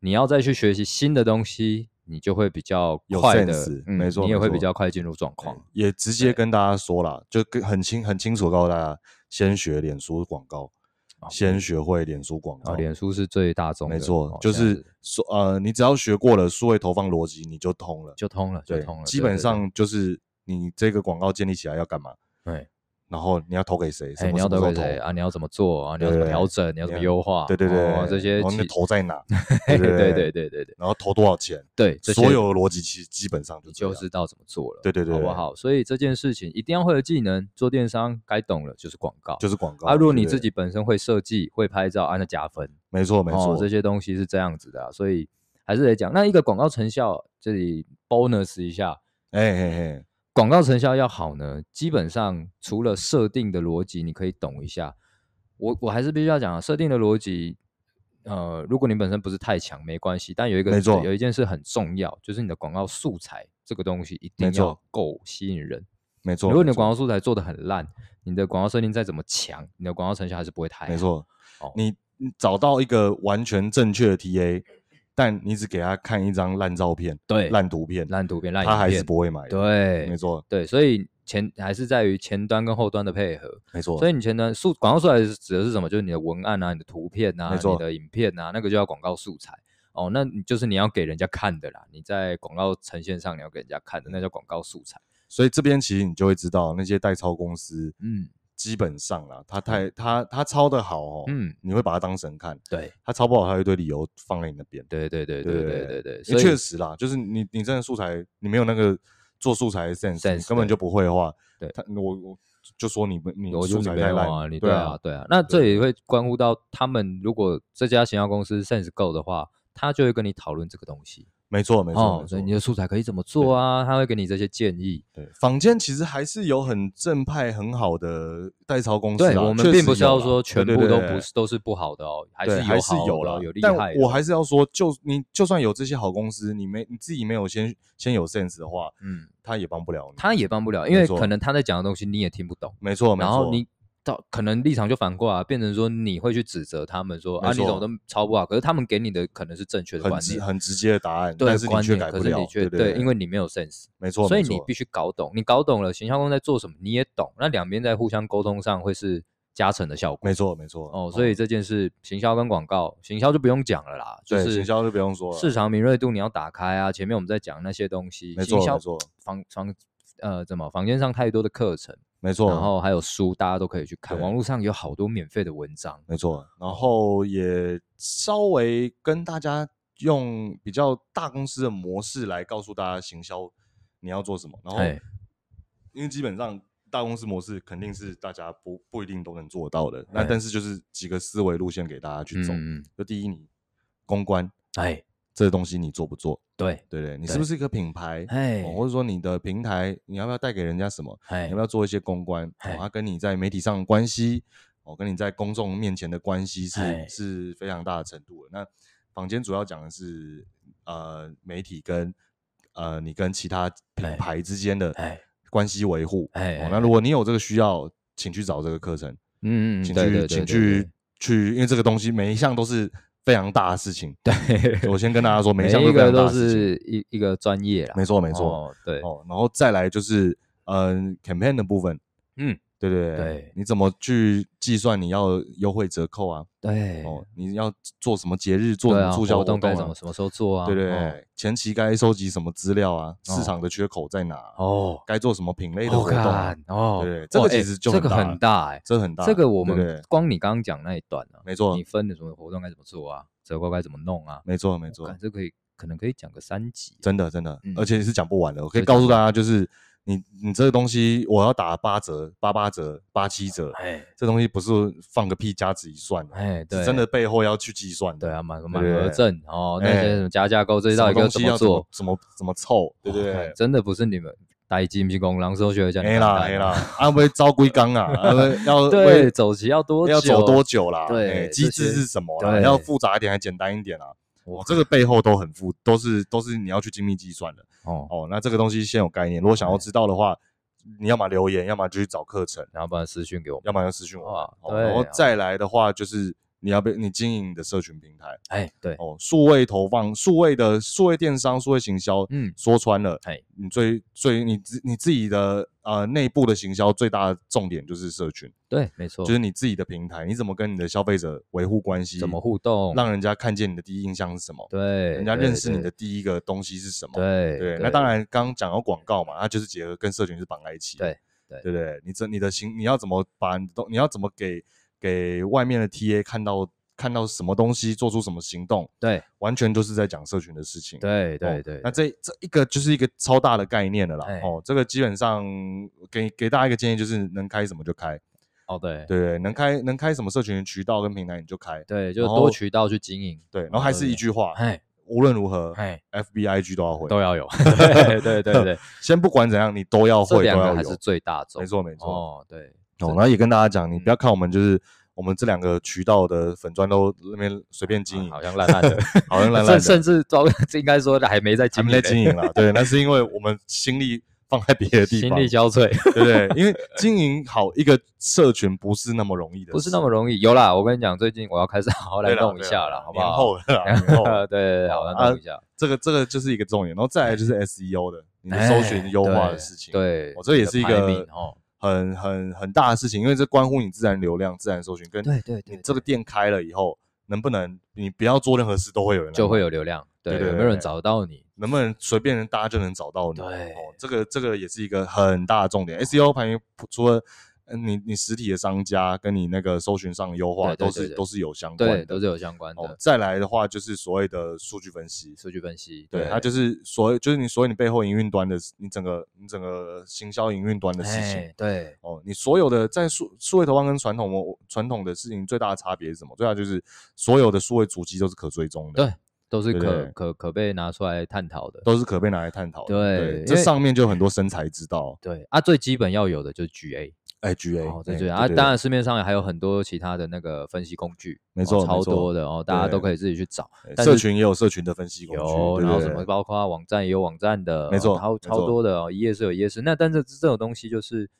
你要再去學習新的東西。你就會比較快的，有 sense, 嗯、沒錯，你也會比較快進入狀況、欸，也直接跟大家說了，就很清很清楚告訴大家，先學臉書廣告、嗯，先學會臉書廣告，哦、臉書是最大眾，沒錯，就是說，呃，你只要學過了數位投放邏輯，你就通了，就通了，就通了，基本上就是你這個廣告建立起來要幹嘛？對,對,對,對。對然後你要投給誰、欸？你要投給誰啊？你要怎麼做啊？你要怎麼調整？對對對，你？你要怎麼優化？對對對，哦、這些。然、哦、投在哪？ 對對對，對對對對。然後投多少錢？對，所有的邏輯其實基本上就你就知道怎麼做了。對對對，好不好？所以這件事情一定要會有技能。做電商該懂了就是廣告，就是廣告。啊，如果你自己本身會設計、會拍照，按照加分。沒錯沒錯、哦，這些東西是這樣子的，啊，所以還是得講。那一個廣告成效這裡 bonus 一下。哎哎哎。廣告成效要好呢，基本上除了設定的邏輯，你可以懂一下。我我還是必須要講啊，設定的邏輯，呃，如果你本身不是太強，沒關係。但有一個，沒錯，有一件事很重要，就是你的廣告素材這個東西一定要夠吸引人。沒錯，如果你的廣告素材做的很爛，你的廣告設定再怎麼強，你的廣告成效還是不會太。沒錯、哦，你找到一個完全正確的 TA。但你只給他看一張爛照片，對，爛圖片，爛圖片，爛影片，他還是不會買的。對，沒錯。對，所以前還是在於前端跟後端的配合，沒錯。所以你前端素廣告素材指的是什麼？就是你的文案啊，你的圖片啊，沒錯，你的影片啊，那個叫廣告素材。哦，那你就是你要給人家看的啦。你在廣告呈現上你要給人家看的，那叫廣告素材。所以這邊其實你就會知道那些代操公司，嗯。基本上啦，他太、嗯、他他抄的好哦、喔，嗯，你會把他當神看，對。他抄不好，他一堆理由放在你那邊，對對對對對對對，確實啦，就是你你真的素材，你沒有那個做素材的 sense，, sense 根本就不會的話，對，他我我就說你們，你素材太爛、啊，你對啊，對啊，對，啊對啊，那這也會關乎到他們，如果這家形象公司 sense 夠的話，他就會跟你討論這個東西。沒錯，沒錯。所、哦、以你的素材可以怎麼做啊？他會給你這些建議。對，坊間其實還是有很正派、很好的代操公司、啊。對，我們並不是要說全部都不是，都是不好的哦，還是有好，還是有啦，有厲害。但我還是要說，就你就算有這些好公司，你沒你自己沒有先先有 sense 的話，嗯，他也幫不了你。他也幫不了因，因為可能他在講的東西你也聽不懂。沒錯，沒錯，然後你可能立場就反過來，變成說你會去指責他們說啊，你懂都超不好。可是他們給你的可能是正確的，很直很直接的答案，對，但是你卻對，對，對，因為你沒有 sense，沒錯，所以你必須搞，搞，搞，搞，搞懂，你搞懂了行銷公司在做什麼，你也懂，那兩邊在互相溝通上會是加成的效果，沒錯沒錯。哦，所以這件事行銷跟廣告，行銷就不用講了啦，對，就是、行銷就不用說了，市場敏銳度你要打開啊。前面我們在講那些東西，行銷防防。防呃，怎麼？坊間上太多的課程，沒錯。然後還有書，大家都可以去看。網絡上有好多免費的文章，沒錯。然後也稍微跟大家用比較大公司的模式來告訴大家行銷你要做什麼。然後、哎、因為基本上大公司模式肯定是大家不不一定都能做到的。那、嗯、但，但是就是幾個思維路線給大家去走。嗯、就第一你，你公關，哎。這些、個、東西你做不做對？對對對，你是不是一個品牌？哎、哦，或者說你的平台，你要不要帶給人家什麼？你要不要做一些公關？哦，它跟你在媒體上的關係，哦，跟你在公眾面前的關係是是非常大的程度的。那坊間主要講的是呃媒體跟呃你跟其他品牌之間的關係維護。哦、哎、哦，那如果你有這個需要，請去找這個課程。嗯嗯，對對對，對，對，對，請去因為這個東西每一項都是。非常大的事情，對，我先跟大家說，每人都，都是一一個專業，沒錯沒錯、哦，對，哦，然後再來就是，嗯、呃、，campaign 的部分，嗯。對對、啊、對，你怎麼去計算你要優惠折扣啊？對哦，你要做什麼節日做什麼促銷活動、啊？什、啊、麼什麼時候做啊？對對，嗯、前期該收集什麼資料啊、哦？市場的缺口在哪？哦，該做什麼品類的活動？哦，哦哦對,對，這個其實就很大、欸、這個很大哎、欸，這很大，這個我們對對光你剛剛講那一段啊，沒錯，你分的什麼活動該怎麼做啊？折扣該怎麼弄啊？沒錯沒錯、哦，這可以可能可以講個三集、啊嗯、真的真的，而且你是講不完的、嗯。我可以告訴大家，就是。你你這個東西，我要打八折、八八折、八七折，這東西不是放個屁加值一算的，哎，真的背後要去計算的。的對啊，滿額滿額贈，哦，那些什麼加價購這一套一個怎麼做、麼怎麼怎麼湊，對不對？真的不是你們呆雞迷工，狼叔覺得這樣的。沒了沒了，安徽招硅鋼啊，安徽要走棋、啊、 要，要，要多久、啊、要走多久啦、啊欸、機制是什麼、啊？要複雜一點還簡單一點啊？我這個背後都很複，都是都是，都是你要去精密計算的。哦，哦，那這個東西先有概念。如果想要知道的話，你要麼留言，要麼就去找課程，然後不然私訊給我，要麼就私訊我，哦哦哦。然後再來的話就是。你要被你經營的社群平台，哎，對哦，數位投放、數位的數位電商、數位行銷，嗯，說穿了，哎，你最最你自你自己的啊，內部的行銷最大的重點就是社群，對，沒錯，就是你自己的平台，你怎麼跟你的消費者維護關係，怎麼互動，讓人家看見你的第一印象是什麼，對，人家認識你的第一個東西是什麼，對，對，對對對對，那當然剛講到廣告嘛，那就是結合跟社群是綁在一起，對，對，對，對,對你這你的行你要怎麼把，你要怎麼給？給外面的 TA 看到看到什麼東西，做出什麼行動，對，完全都是在講社群的事情。對對、哦、對，對，那這這一個就是一個超大的概念了啦。哦，這個基本上給給大家一個建議，就是能開什麼就開。哦，對對，能開能開什麼社群的渠道跟平台你就開。對，就多渠道去經營。對，然後還是一句話，無論如何，FBIG 都要會，都要有。對 對對，對對對 先不管怎樣，你都要會，對這兩個還是最大眾。沒錯沒錯。哦，對。哦、然後也跟大家講，你不要看我們，就是我們這兩個渠道的粉專都那邊隨便經營、嗯嗯，好像爛爛的， 好像爛爛的，甚甚至裝， 應該說還沒在經營，還沒在經營了。 對，那是因為我們心力放在別的地方，心力交瘁， 對不對,對？因為經營好一個社群不是那麼容易的，不是那麼容易。有啦，我跟你講，最近我要開始好好來弄一下了，好不好？年後的啦，年後的， 對,對,對好，好好弄一下。啊、這個這個就是一個重點，然後再來就是 SEO 的，你的搜尋優化的事情。哎、對我、哦、這個、也是一個哦。很很很大的事情，因為這關乎你自然流量、自然搜尋，跟對對你這個店開了以後，能不能你不要做任何事都會有人來，就會有流量，對對、對、對，有沒有人找到你？能不能隨便人大家就能找到你？哦，這個這個也是一個很大的重點。S E O 排名除了嗯，你你實體的商家跟你那個搜尋上優化的都是都是有相關的，都是有相關的。關的哦，再來的話就是所謂的數據分析，數據分析對，對，它就是所就是你所謂你背後營運端的，你整個你整個行銷營運端的事情，欸，對。哦，你所有的在數數位投放跟傳統傳統的事情最大的差別是什麼？最大就是所有的數位足跡都是可追蹤的，對，都是可對對對可可被拿出來探討的，都是可被拿來探討的。對，對，這上面就很多生財之道。對，啊，最基本要有的就是 GA。哎、欸、GA、哦、對對、對、欸、啊、對、對、對啊，當然市面上也還有很多其他的那個分析工具，沒錯、哦，超多的哦，大家都可以自己去找。社群也有社群的分析工具，有對對對，然後什麼包括網站也有網站的，沒錯、哦，超超多的哦。一頁是有一頁是那，但是這種東西就是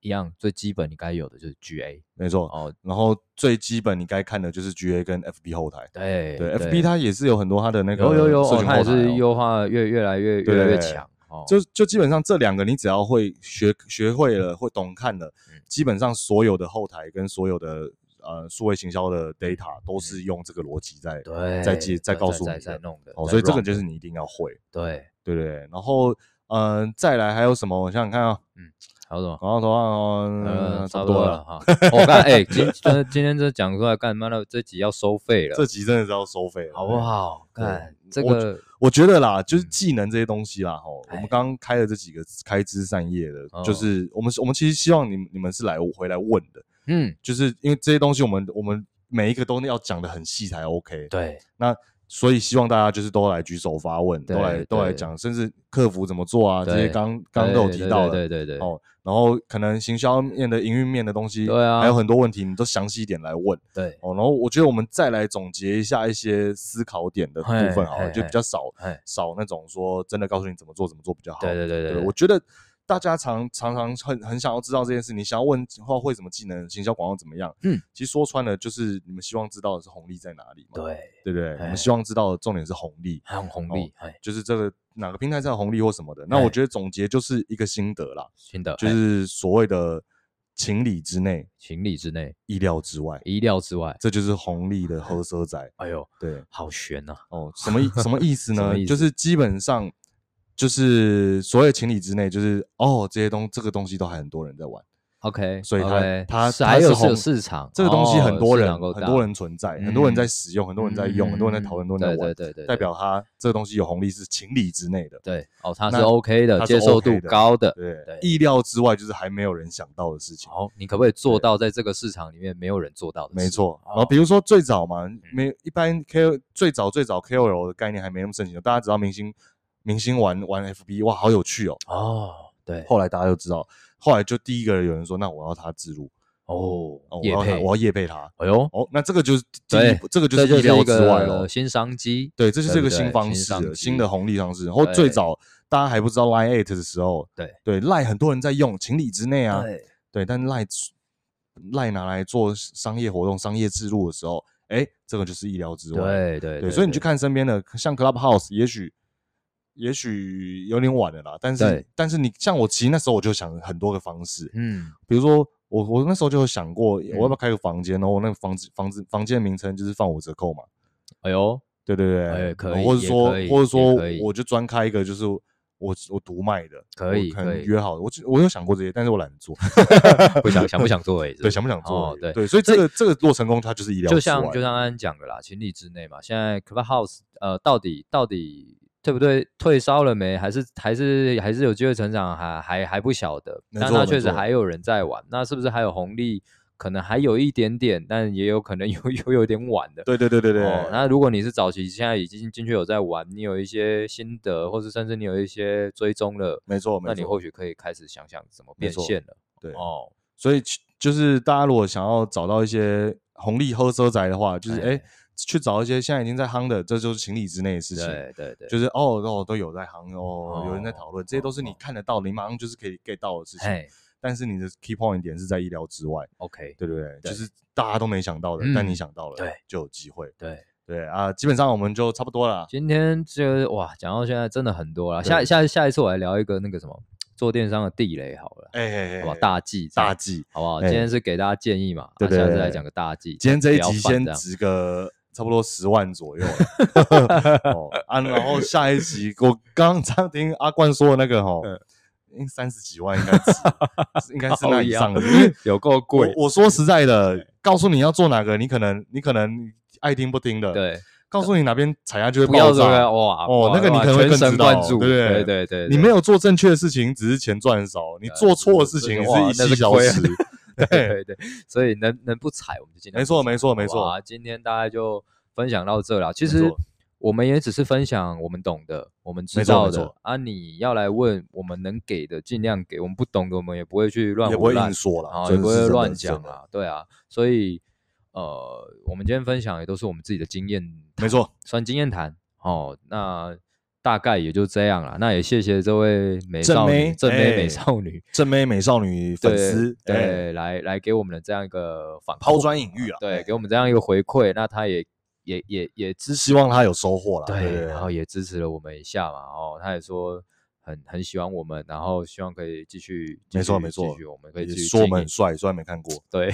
一樣，最基本你該有的就是 GA，沒錯哦。然後最基本你該看的就是 GA 跟 FB 後台，對對、對，FB 它也是有很多它的那個、哦，有有有，哦、它也是優化越越來越越來越強。就就基本上這兩個，你只要會學學會了，嗯、會懂看了、嗯，基本上所有的後台跟所有的呃數位行銷的 data 都是用這個邏輯在、嗯、對在記在告訴你在，在，在弄的哦弄的，所以這個就是你一定要會。對對，對對，然後嗯、呃，再來還有什麼？我想想看啊、哦，嗯。好，什麼？好，頭髮，嗯，差不多了哈。我看，哎、 哦欸，今今天這講出來，幹嘛？媽的，這集要收費了。這集真的是要收費了，好不好？看這個我，我覺得啦，就是技能這些東西啦，吼、嗯。我們剛剛開的這幾個開枝散葉的，就是我們我們其實希望你們你們是來回來問的，嗯，就是因為這些東西，我們我們每一個都要講得很細才 OK。對，那。所以希望大家就是都來舉手發問，都來都來講，甚至客服怎麼做啊？這些剛剛都有提到的，對對對、對、對。哦，然後可能行銷面的營運面的東西，對啊，還有很多問題，你都詳細一點來問。對哦，然後我覺得我們再來總結一下一些思考點的部分，啊，就比較少少那種說真的告訴你怎麼做怎麼做比較好。對對對對、對，我覺得。大家常常常很很想要知道這件事，你想要問話會什麼技能，行銷廣告怎麼樣？嗯，其實說穿了，就是你們希望知道的是紅利在哪裡嘛？對，對不對，對？我們希望知道的重點是紅利，還有紅利、哦，就是這個哪個平台在紅利或什麼的。那我覺得總結就是一個心得啦，心得就是所謂的情理之內，情理之內，意料之外，意料之外，這就是紅利的呵舍仔。哎呦，對，好懸吶、啊！哦，什麼意什麼意思呢？ 什麼意思？就是基本上。就是所有情理之內，就是哦，這些東這個東西都還很多人在玩，OK，所以它它還有市場，這個東西很多人、哦、很多人存在、嗯，很多人在使用，嗯、很多人在用，嗯、很多人在討論，都在玩，對對對，對，對，對，代表它這個東西有紅利是情理之內的，對，哦，它是、OK，是 OK 的，接受度高的，度高的對，對，意料之外就是還沒有人想到的事情。哦，你可不可以做到在這個市場裡面沒有人做到的事情？沒錯，然後比如說最早嘛，嗯、沒一般 K 最早最早 KOL 的概念還沒那麼盛行，大家只知道明星。明星玩玩 FB，哇，好有趣哦！哦，對。後來大家就知道，後來就第一個人有人說：“那我要他置入哦，哦，哦，我要我要業配他。”哎呦，哦，那這個就是這個就是意料之外哦、呃。新商機，對，這就是這個新方式的對對新，新的紅利方式。然後最早大家還不知道 Line Eight 的時候，對對，對 Line 很多人在用，情理之內啊，對。對，但 Line Line 拿來做商業活動、商業置入的時候，哎，這個就是意料之外，對對對，對，對，對。所以你去看身邊的像 Clubhouse，也許。也許有點晚了啦，但是但是你像我，其實那時候我就想很多個方式，嗯，比如說我我那時候就有想過，我要不要開個房間、嗯，然後我那個房子房子房間名稱就是放我折扣嘛，哎呦，對對對，哎、可以，或者說可以或者說我就專開一個，就是我我獨賣的，可以，可以約好，可以我就我有想過這些，但是我懶得做，不想 想不想做哎、欸，對，想不想做、欸哦，對，對所以這個以這個做成功，它就是醫療，就像就像安安講的啦，情理之內嘛，現在 Clubhouse 呃，到底到底。對不對？退燒了沒？還是還是還是有機會成長？還還還不曉得。那確實還有人在玩，那是不是還有紅利？可能還有一點點，但也有可能有有，有點晚的。對對對對對，哦。那如果你是早期，現在已經進去有在玩，你有一些心得，或者甚至你有一些追蹤了，沒錯，那你或許可以開始想想怎麼變現了。對哦對，所以就是大家如果想要找到一些紅利和車仔的話，就是誒。.去找一些現在已經在夯的，這就是情理之內的事情。對對，對就是哦哦都有在夯哦，哦，有人在討論，這些都是你看得到、哦，你馬上就是可以 get 到的事情。但是你的 key point 點是在意料之外。OK，對不對，對，對？就是大家都沒想到的，嗯、但你想到了，對，就有機會。對對啊、呃，基本上我們就差不多了。今天就哇，講到現在真的很多了。下下下一次我來聊一個那個什麼做電商的地雷好了。哎哎哎，大忌。大忌。好不好？今天是給大家建議嘛，那、欸啊、下次來講個、啊、個大忌。今天這一集先值個。差不多十萬左右了、 哦，啊，然後下一集我剛剛聽阿冠說的那個哈、哦， 應該三十幾萬應該是， 應該是那以上的， 有夠貴。我說實在的，告訴你要做哪個，你可能你可能愛聽不聽的。對，告訴你哪邊踩下去就會爆炸，對不對？哇、哦哦哦哦，哦，那個你可能會更知道，對對對對。你沒有做正確的事情，只是錢賺的少；你做錯的事情，也哇，那是虧。 對對對，所以能能不踩我們就盡量。沒錯沒錯沒錯。啊今天大概就分享到這了。其實我們也只是分享我們懂的、我們知道的。沒錯，啊，沒錯，你要來問我們能給的盡量給我們不懂的我們也不會去亂胡亂說也不會亂講了。對啊，所以呃，我們今天分享也都是我們自己的經驗。沒錯，算經驗談哦。那。大概也就這樣啦。那也謝謝這位美少女，正妹，正妹、欸、美少女，正妹美少女粉絲，對，對欸、來來給我們的這樣一個反拋磚引玉啦，對，給我們這樣一個回饋。嗯、那他也也也也支持，希望他有收穫啦，對，對，對，對，對。然後也支持了我們一下嘛，哦，他也說。很很喜歡我們，然後希望可以繼續，繼續，沒錯沒錯繼續，我們可以繼續說我們很帥，雖然沒看過，對，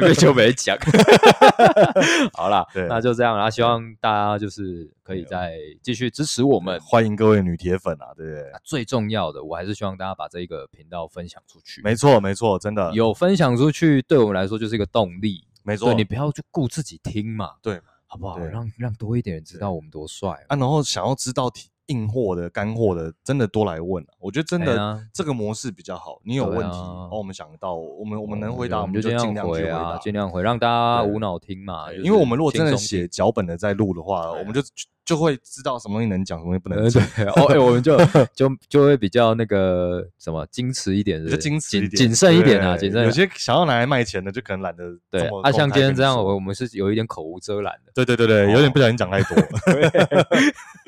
沒就沒講，好啦，那就這樣啦、啊，希望大家就是可以再繼續支持我們，嗯、歡迎各位女鐵粉啊，對不對、啊，最重要的，我還是希望大家把這一個頻道分享出去，沒錯沒錯，真的有分享出去，對我們來說就是一個動力，沒錯，所以你不要去顧自己聽嘛，對，好不好？讓讓多一點人知道我們多帥啊，然後想要知道。硬貨的、乾貨的，真的多來問、啊、我覺得真的、啊、這個模式比較好。你有問題，然後、啊哦、我們想到我們，我們能回答，哦、我，我們就盡量回答、啊，盡量回，讓大家無腦聽嘛、啊就是。因為我們如果真的寫腳本的在錄的話，啊、我們就。就會知道什麼東西能講，什麼東西不能講。呃、對 o、 哦欸、我們就就就會比較那個什麼矜持,是是矜持一點，是矜持一點，謹慎一點啊，謹慎一點。有些想要拿來賣錢的，就可能懶得。對，啊，像今天這樣，我們是有一點口無遮攔的。對對對對、哦，有點不小心講太多。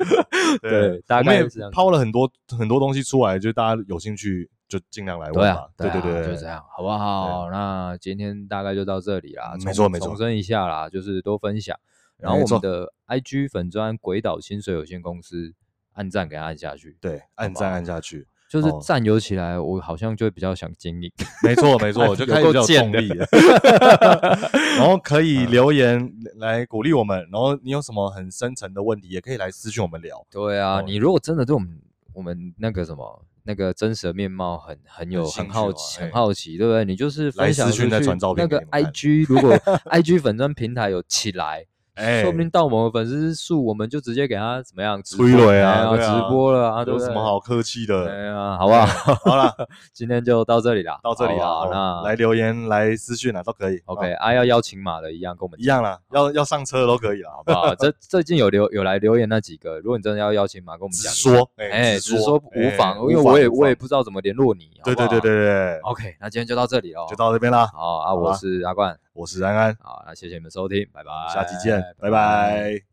對，大概拋了很多 很多東西出來，就大家有興趣就儘量來問嘛、啊啊。對對對，就這樣，好不好？啊、那今天大概就到這裡啦。嗯、沒錯沒錯，重申一下啦，就是多分享。然後我們的 I G 粉專鬼島薪水有限公司按讚給他按下去，對，按讚按下去就是占有起來、哦，我好像就會比較想經營。沒錯沒錯，我 就夠動力了。 然後可以留言 來鼓勵我們，然後你有什麼很深層的問題，也可以來私訊我們聊。對啊，你如果真的對我們我們那個什麼那個真實的面貌很很有很,很好奇很好奇，對不對？你就是來私訊來傳照片。那個 I G 如果 I G 粉專平台有起來。 欸、說說不定到我們粉絲數，我們就直接給他怎麼樣？催淚啊、欸、啊，啊，直播了啊，啊對對有什麼好客氣的？對、欸、啊，好不好了，好啦 今天就到這裡啦，到這裡啊、哦哦。那來留言，來私訊啊，都可以。OK、哦、啊，要邀請碼的一樣，跟我們一樣啦。要要上車都可以了，好不好？ 這最近有留有來留言那幾個，如果你真的要邀請碼，跟我們講。說，哎、欸欸，直說欸、無妨，因為我也我也不知道怎麼聯絡你好好。對對對對對，對，OK，那今天就到這裡了，就到這邊啦。好啊，我是阿冠。我是安安，好，那謝謝你們收聽，拜拜，下期見，拜拜。拜拜。